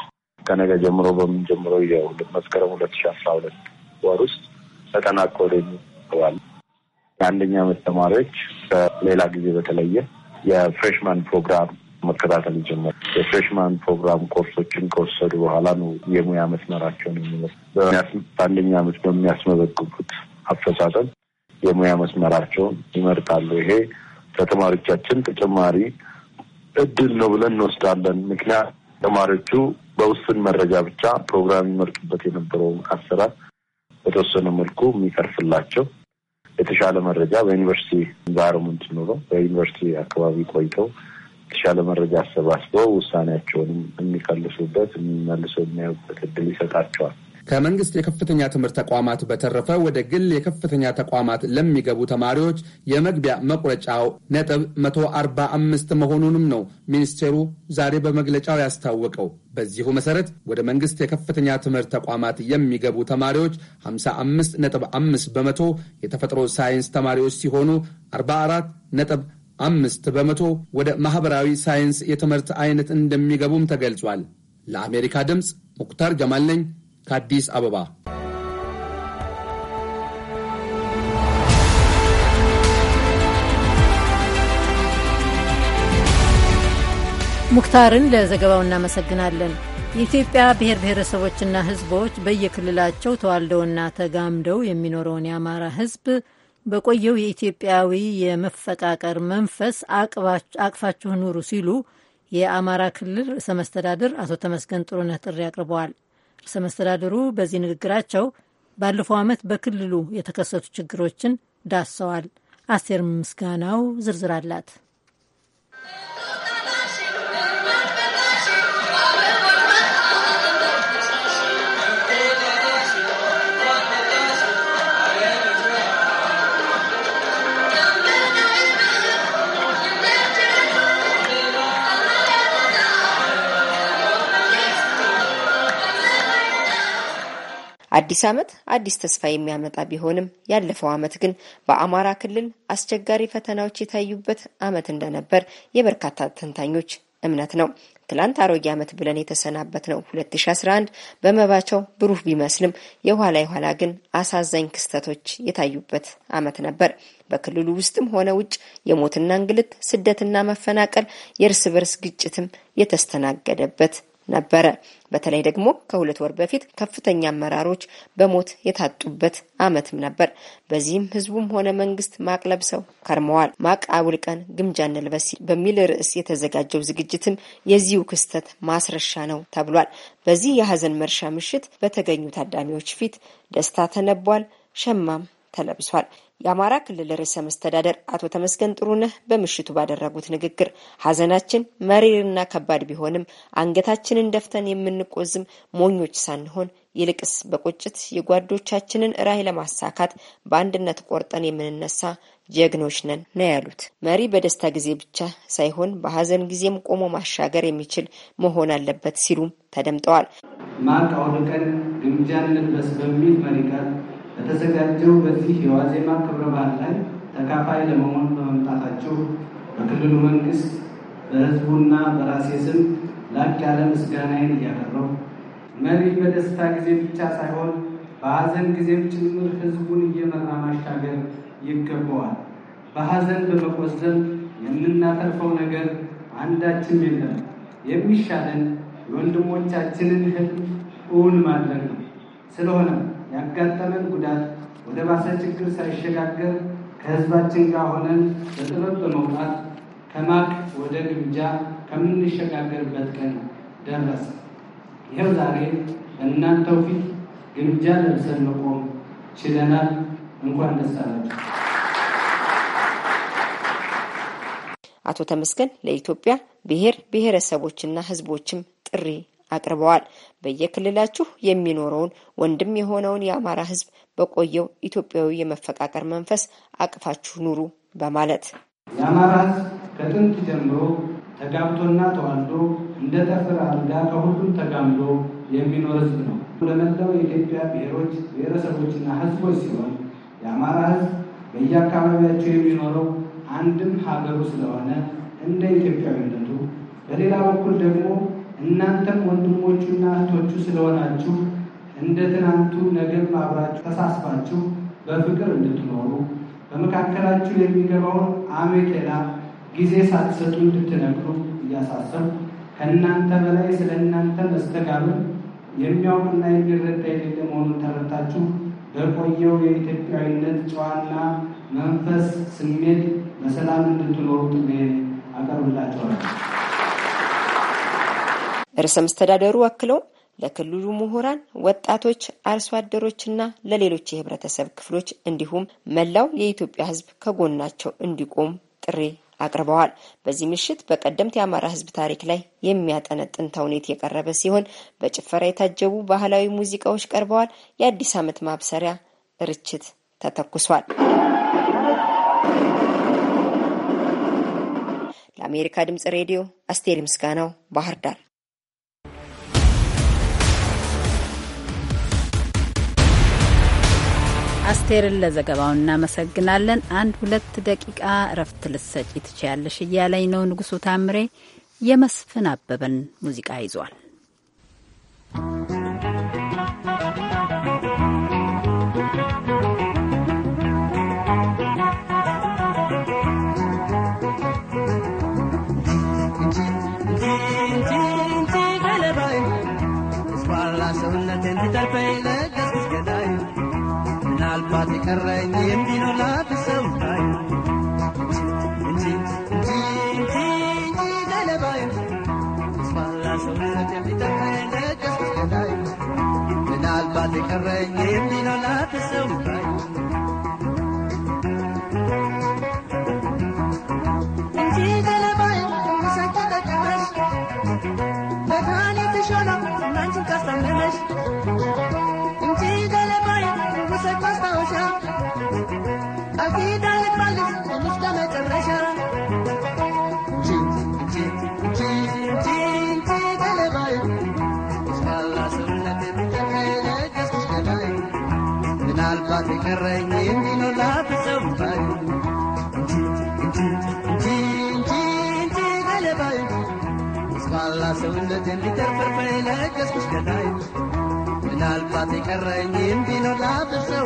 H: ከነገ ጀምሮ በምንጀምረው የመስከረም ሁለት ሺ አስራ ሁለት ወር ውስጥ ተጠናክሮ ይገባል። የአንደኛ ዓመት ተማሪዎች ከሌላ ጊዜ በተለየ የፍሬሽማን ፕሮግራም መከታተል ጀመር። የፍሬሽማን ፕሮግራም ኮርሶችን ከወሰዱ በኋላ ነው የሙያ መስመራቸውን በአንደኛ ዓመት በሚያስመዘግቡት አፈጻጸም የሙያ መስመራቸውን ይመርጣሉ። ይሄ ለተማሪዎቻችን ተጨማሪ እድል ነው ብለን እንወስዳለን። ምክንያት ተማሪዎቹ በውስን መረጃ ብቻ ፕሮግራም ይመርጡበት የነበረውን አሰራር በተወሰነ መልኩ የሚቀርፍላቸው የተሻለ መረጃ በዩኒቨርሲቲ ኢንቫይሮመንት ኑሮ በዩኒቨርሲቲ አካባቢ ቆይተው የተሻለ መረጃ አሰባስበው ውሳኔያቸውንም የሚቀልሱበት የሚመልሰው የሚያዩበት እድል ይሰጣቸዋል። ከመንግስት የከፍተኛ
P: ትምህርት ተቋማት በተረፈ ወደ ግል የከፍተኛ ተቋማት ለሚገቡ ተማሪዎች የመግቢያ መቁረጫው ነጥብ 145 መሆኑንም ነው ሚኒስቴሩ ዛሬ በመግለጫው ያስታወቀው። በዚሁ መሰረት ወደ መንግስት የከፍተኛ ትምህርት ተቋማት የሚገቡ ተማሪዎች 55 በመቶ የተፈጥሮ ሳይንስ ተማሪዎች ሲሆኑ 44 ነጥብ አምስት በመቶ ወደ ማህበራዊ ሳይንስ የትምህርት አይነት እንደሚገቡም ተገልጿል። ለአሜሪካ ድምፅ ሙክታር ጀማል ነኝ ከአዲስ አበባ
B: ሙክታርን ለዘገባው እናመሰግናለን። የኢትዮጵያ ብሔር ብሔረሰቦችና ሕዝቦች በየክልላቸው ተዋልደውና ተጋምደው የሚኖረውን የአማራ ሕዝብ በቆየው የኢትዮጵያዊ የመፈቃቀር መንፈስ አቅፋችሁ ኑሩ ሲሉ የአማራ ክልል ርዕሰ መስተዳድር አቶ ተመስገን ጥሩነህ ጥሪ አቅርበዋል። ርዕሰ መስተዳድሩ በዚህ ንግግራቸው ባለፈው ዓመት በክልሉ የተከሰቱ ችግሮችን ዳሰዋል። አስቴር ምስጋናው ዝርዝር አላት።
Q: አዲስ ዓመት አዲስ ተስፋ የሚያመጣ ቢሆንም ያለፈው ዓመት ግን በአማራ ክልል አስቸጋሪ ፈተናዎች የታዩበት ዓመት እንደነበር የበርካታ ተንታኞች እምነት ነው። ትላንት አሮጌ ዓመት ብለን የተሰናበት ነው 2011 በመባቻው ብሩህ ቢመስልም የኋላ የኋላ ግን አሳዛኝ ክስተቶች የታዩበት ዓመት ነበር። በክልሉ ውስጥም ሆነ ውጭ የሞትና እንግልት፣ ስደትና መፈናቀል፣ የእርስ በርስ ግጭትም የተስተናገደበት ነበረ። በተለይ ደግሞ ከሁለት ወር በፊት ከፍተኛ አመራሮች በሞት የታጡበት አመትም ነበር። በዚህም ህዝቡም ሆነ መንግስት ማቅ ለብሰው ከርመዋል። ማቅ አውልቀን ግምጃ እንልበስ በሚል ርዕስ የተዘጋጀው ዝግጅትም የዚሁ ክስተት ማስረሻ ነው ተብሏል። በዚህ የሀዘን መርሻ ምሽት በተገኙ ታዳሚዎች ፊት ደስታ ተነቧል፣ ሸማም ተለብሷል። የአማራ ክልል ርዕሰ መስተዳደር አቶ ተመስገን ጥሩነህ በምሽቱ ባደረጉት ንግግር ሐዘናችን መሪርና ከባድ ቢሆንም አንገታችንን ደፍተን የምንቆዝም ሞኞች ሳንሆን ይልቅስ በቁጭት የጓዶቻችንን ራዕይ ለማሳካት በአንድነት ቆርጠን የምንነሳ ጀግኖች ነን ነው ያሉት። መሪ በደስታ ጊዜ ብቻ ሳይሆን በሀዘን ጊዜም ቆሞ ማሻገር የሚችል መሆን አለበት ሲሉም ተደምጠዋል።
R: ማቅ ቀን ግምጃ እንልበስ በሚል መሪ ቃል በተዘጋጀው በዚህ የዋዜማ ክብረ በዓል ላይ ተካፋይ ለመሆን በመምጣታችሁ በክልሉ መንግስት በህዝቡና በራሴ ስም ላቅ ያለ ምስጋናዬን እያቀረው መሪ በደስታ ጊዜ ብቻ ሳይሆን በሀዘን ጊዜም ጭምር ህዝቡን እየመራ ማሻገር ይገባዋል። በሀዘን በመቆዘን የምናተርፈው ነገር አንዳችም የለም። የሚሻለን የወንድሞቻችንን ህልም እውን ማድረግ ነው። ስለሆነ ያጋጠመን ጉዳት ወደ ባሰ ችግር ሳይሸጋገር ከህዝባችን ጋር ሆነን በጥበብ በመውጣት ከማቅ ወደ ግምጃ ከምንሸጋገርበት ቀን ደረሰ። ይኸው ዛሬ በእናንተው ፊት ግምጃ ለብሰን መቆም ችለናል። እንኳን ደስ አላችሁ።
Q: አቶ ተመስገን ለኢትዮጵያ ብሔር ብሔረሰቦችና ህዝቦችም ጥሪ አቅርበዋል። በየክልላችሁ የሚኖረውን ወንድም የሆነውን የአማራ ህዝብ በቆየው ኢትዮጵያዊ የመፈቃቀር መንፈስ አቅፋችሁ ኑሩ በማለት የአማራ
R: ህዝብ ከጥንት ጀምሮ ተጋብቶና ተዋልዶ እንደ ጠፍር አልጋ ከሁሉም ተጋምዶ የሚኖር ህዝብ ነው። ለመላው የኢትዮጵያ ብሔሮች፣ ብሔረሰቦችና ህዝቦች ሲሆን የአማራ ህዝብ በየአካባቢያቸው የሚኖረው አንድም ሀገሩ ስለሆነ እንደ ኢትዮጵያዊነቱ በሌላ በኩል ደግሞ እናንተም ወንድሞቹና እህቶቹ ስለሆናችሁ እንደ ትናንቱ ነገም አብራችሁ ተሳስባችሁ በፍቅር እንድትኖሩ በመካከላችሁ የሚገባውን አሜኬላ ጊዜ ሳትሰጡ እንድትነግሩ እያሳሰብ ከእናንተ በላይ ስለ እናንተ መስተጋብር የሚያውቅና የሚረዳ የሌለ መሆኑን ተረታችሁ በቆየው የኢትዮጵያዊነት ጨዋና መንፈስ ስሜት በሰላም እንድትኖሩ ጥሬን አቀርብላቸዋል።
Q: ርዕሰ መስተዳደሩ አክለውም ለክልሉ ምሁራን፣ ወጣቶች፣ አርሶ አደሮችና ለሌሎች የህብረተሰብ ክፍሎች እንዲሁም መላው የኢትዮጵያ ህዝብ ከጎናቸው እንዲቆም ጥሪ አቅርበዋል። በዚህ ምሽት በቀደምት የአማራ ህዝብ ታሪክ ላይ የሚያጠነጥን ተውኔት የቀረበ ሲሆን በጭፈራ የታጀቡ ባህላዊ ሙዚቃዎች ቀርበዋል። የአዲስ ዓመት ማብሰሪያ ርችት ተተኩሷል። ለአሜሪካ ድምጽ ሬዲዮ አስቴር ምስጋናው ባህር ዳር
A: አስቴርን ለዘገባው እናመሰግናለን። አንድ ሁለት ደቂቃ እረፍት ልትሰጪ ትችያለሽ እያለኝ ነው ንጉሱ ታምሬ። የመስፍን አበበን ሙዚቃ ይዟል።
J: አባት ቀረኝ የሚላላት ሰው ሰውነቴን ሊተርፈርፈኝ ለገስኩስ ገዳይ ምናልባት የቀረኝም ቢኖር ላፍሰው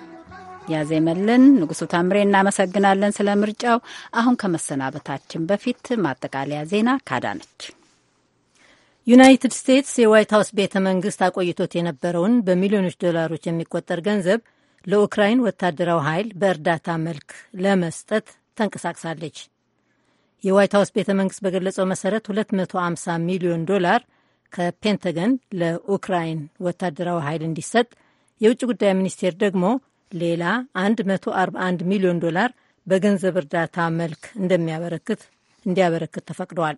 A: ያዜመልን ንጉሱ ታምሬ እናመሰግናለን ስለ ምርጫው። አሁን ከመሰናበታችን በፊት ማጠቃለያ ዜና ካዳነች። ዩናይትድ
B: ስቴትስ የዋይት ሀውስ ቤተ መንግስት አቆይቶት የነበረውን በሚሊዮኖች ዶላሮች የሚቆጠር ገንዘብ ለኡክራይን ወታደራዊ ኃይል በእርዳታ መልክ ለመስጠት ተንቀሳቅሳለች። የዋይት ሀውስ ቤተ መንግስት በገለጸው መሰረት 250 ሚሊዮን ዶላር ከፔንተገን ለኡክራይን ወታደራዊ ኃይል እንዲሰጥ፣ የውጭ ጉዳይ ሚኒስቴር ደግሞ ሌላ 141 ሚሊዮን ዶላር በገንዘብ እርዳታ መልክ እንደሚያበረክት እንዲያበረክት ተፈቅደዋል።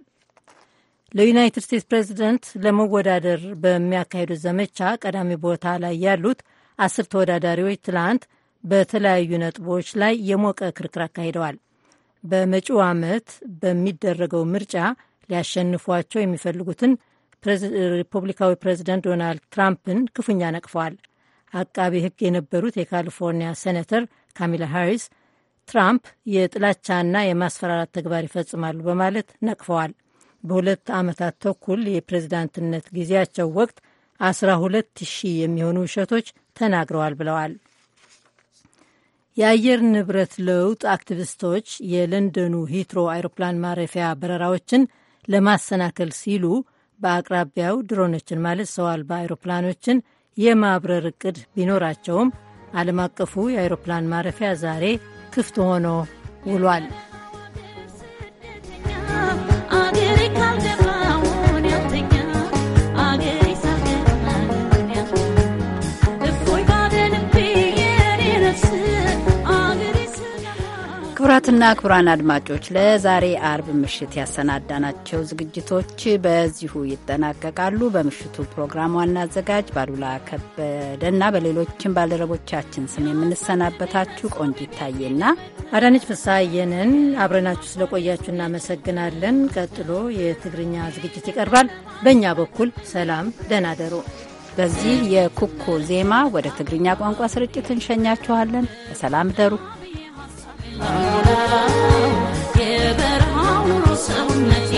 B: ለዩናይትድ ስቴትስ ፕሬዚደንት ለመወዳደር በሚያካሂዱት ዘመቻ ቀዳሚ ቦታ ላይ ያሉት አስር ተወዳዳሪዎች ትላንት በተለያዩ ነጥቦች ላይ የሞቀ ክርክር አካሂደዋል። በመጪው ዓመት በሚደረገው ምርጫ ሊያሸንፏቸው የሚፈልጉትን ሪፑብሊካዊ ፕሬዚደንት ዶናልድ ትራምፕን ክፉኛ ነቅፈዋል። አቃቤ ሕግ የነበሩት የካሊፎርኒያ ሴኔተር ካሚላ ሃሪስ ትራምፕ የጥላቻና የማስፈራራት ተግባር ይፈጽማሉ በማለት ነቅፈዋል። በሁለት ዓመታት ተኩል የፕሬዝዳንትነት ጊዜያቸው ወቅት 12 ሺህ የሚሆኑ ውሸቶች ተናግረዋል ብለዋል። የአየር ንብረት ለውጥ አክቲቪስቶች የለንደኑ ሂትሮ አይሮፕላን ማረፊያ በረራዎችን ለማሰናከል ሲሉ በአቅራቢያው ድሮኖችን ማለት ሰው አልባ አይሮፕላኖችን የማብረር እቅድ ቢኖራቸውም ዓለም አቀፉ የአውሮፕላን ማረፊያ ዛሬ ክፍት ሆኖ ውሏል።
A: ክቡራትና ክቡራን አድማጮች ለዛሬ አርብ ምሽት ያሰናዳናቸው ዝግጅቶች በዚሁ ይጠናቀቃሉ። በምሽቱ ፕሮግራም ዋና አዘጋጅ ባሉላ ከበደና በሌሎችም ባልደረቦቻችን ስም የምንሰናበታችሁ ቆንጅ ይታየና አዳነች ፍሳየንን አብረናችሁ
B: ስለቆያችሁ እናመሰግናለን። ቀጥሎ የትግርኛ ዝግጅት ይቀርባል። በእኛ በኩል
A: ሰላም፣ ደህና ደሩ። በዚህ የኩኩ ዜማ ወደ ትግርኛ ቋንቋ ስርጭት እንሸኛችኋለን። በሰላም ደሩ።
S: የበረሃው ሰውነት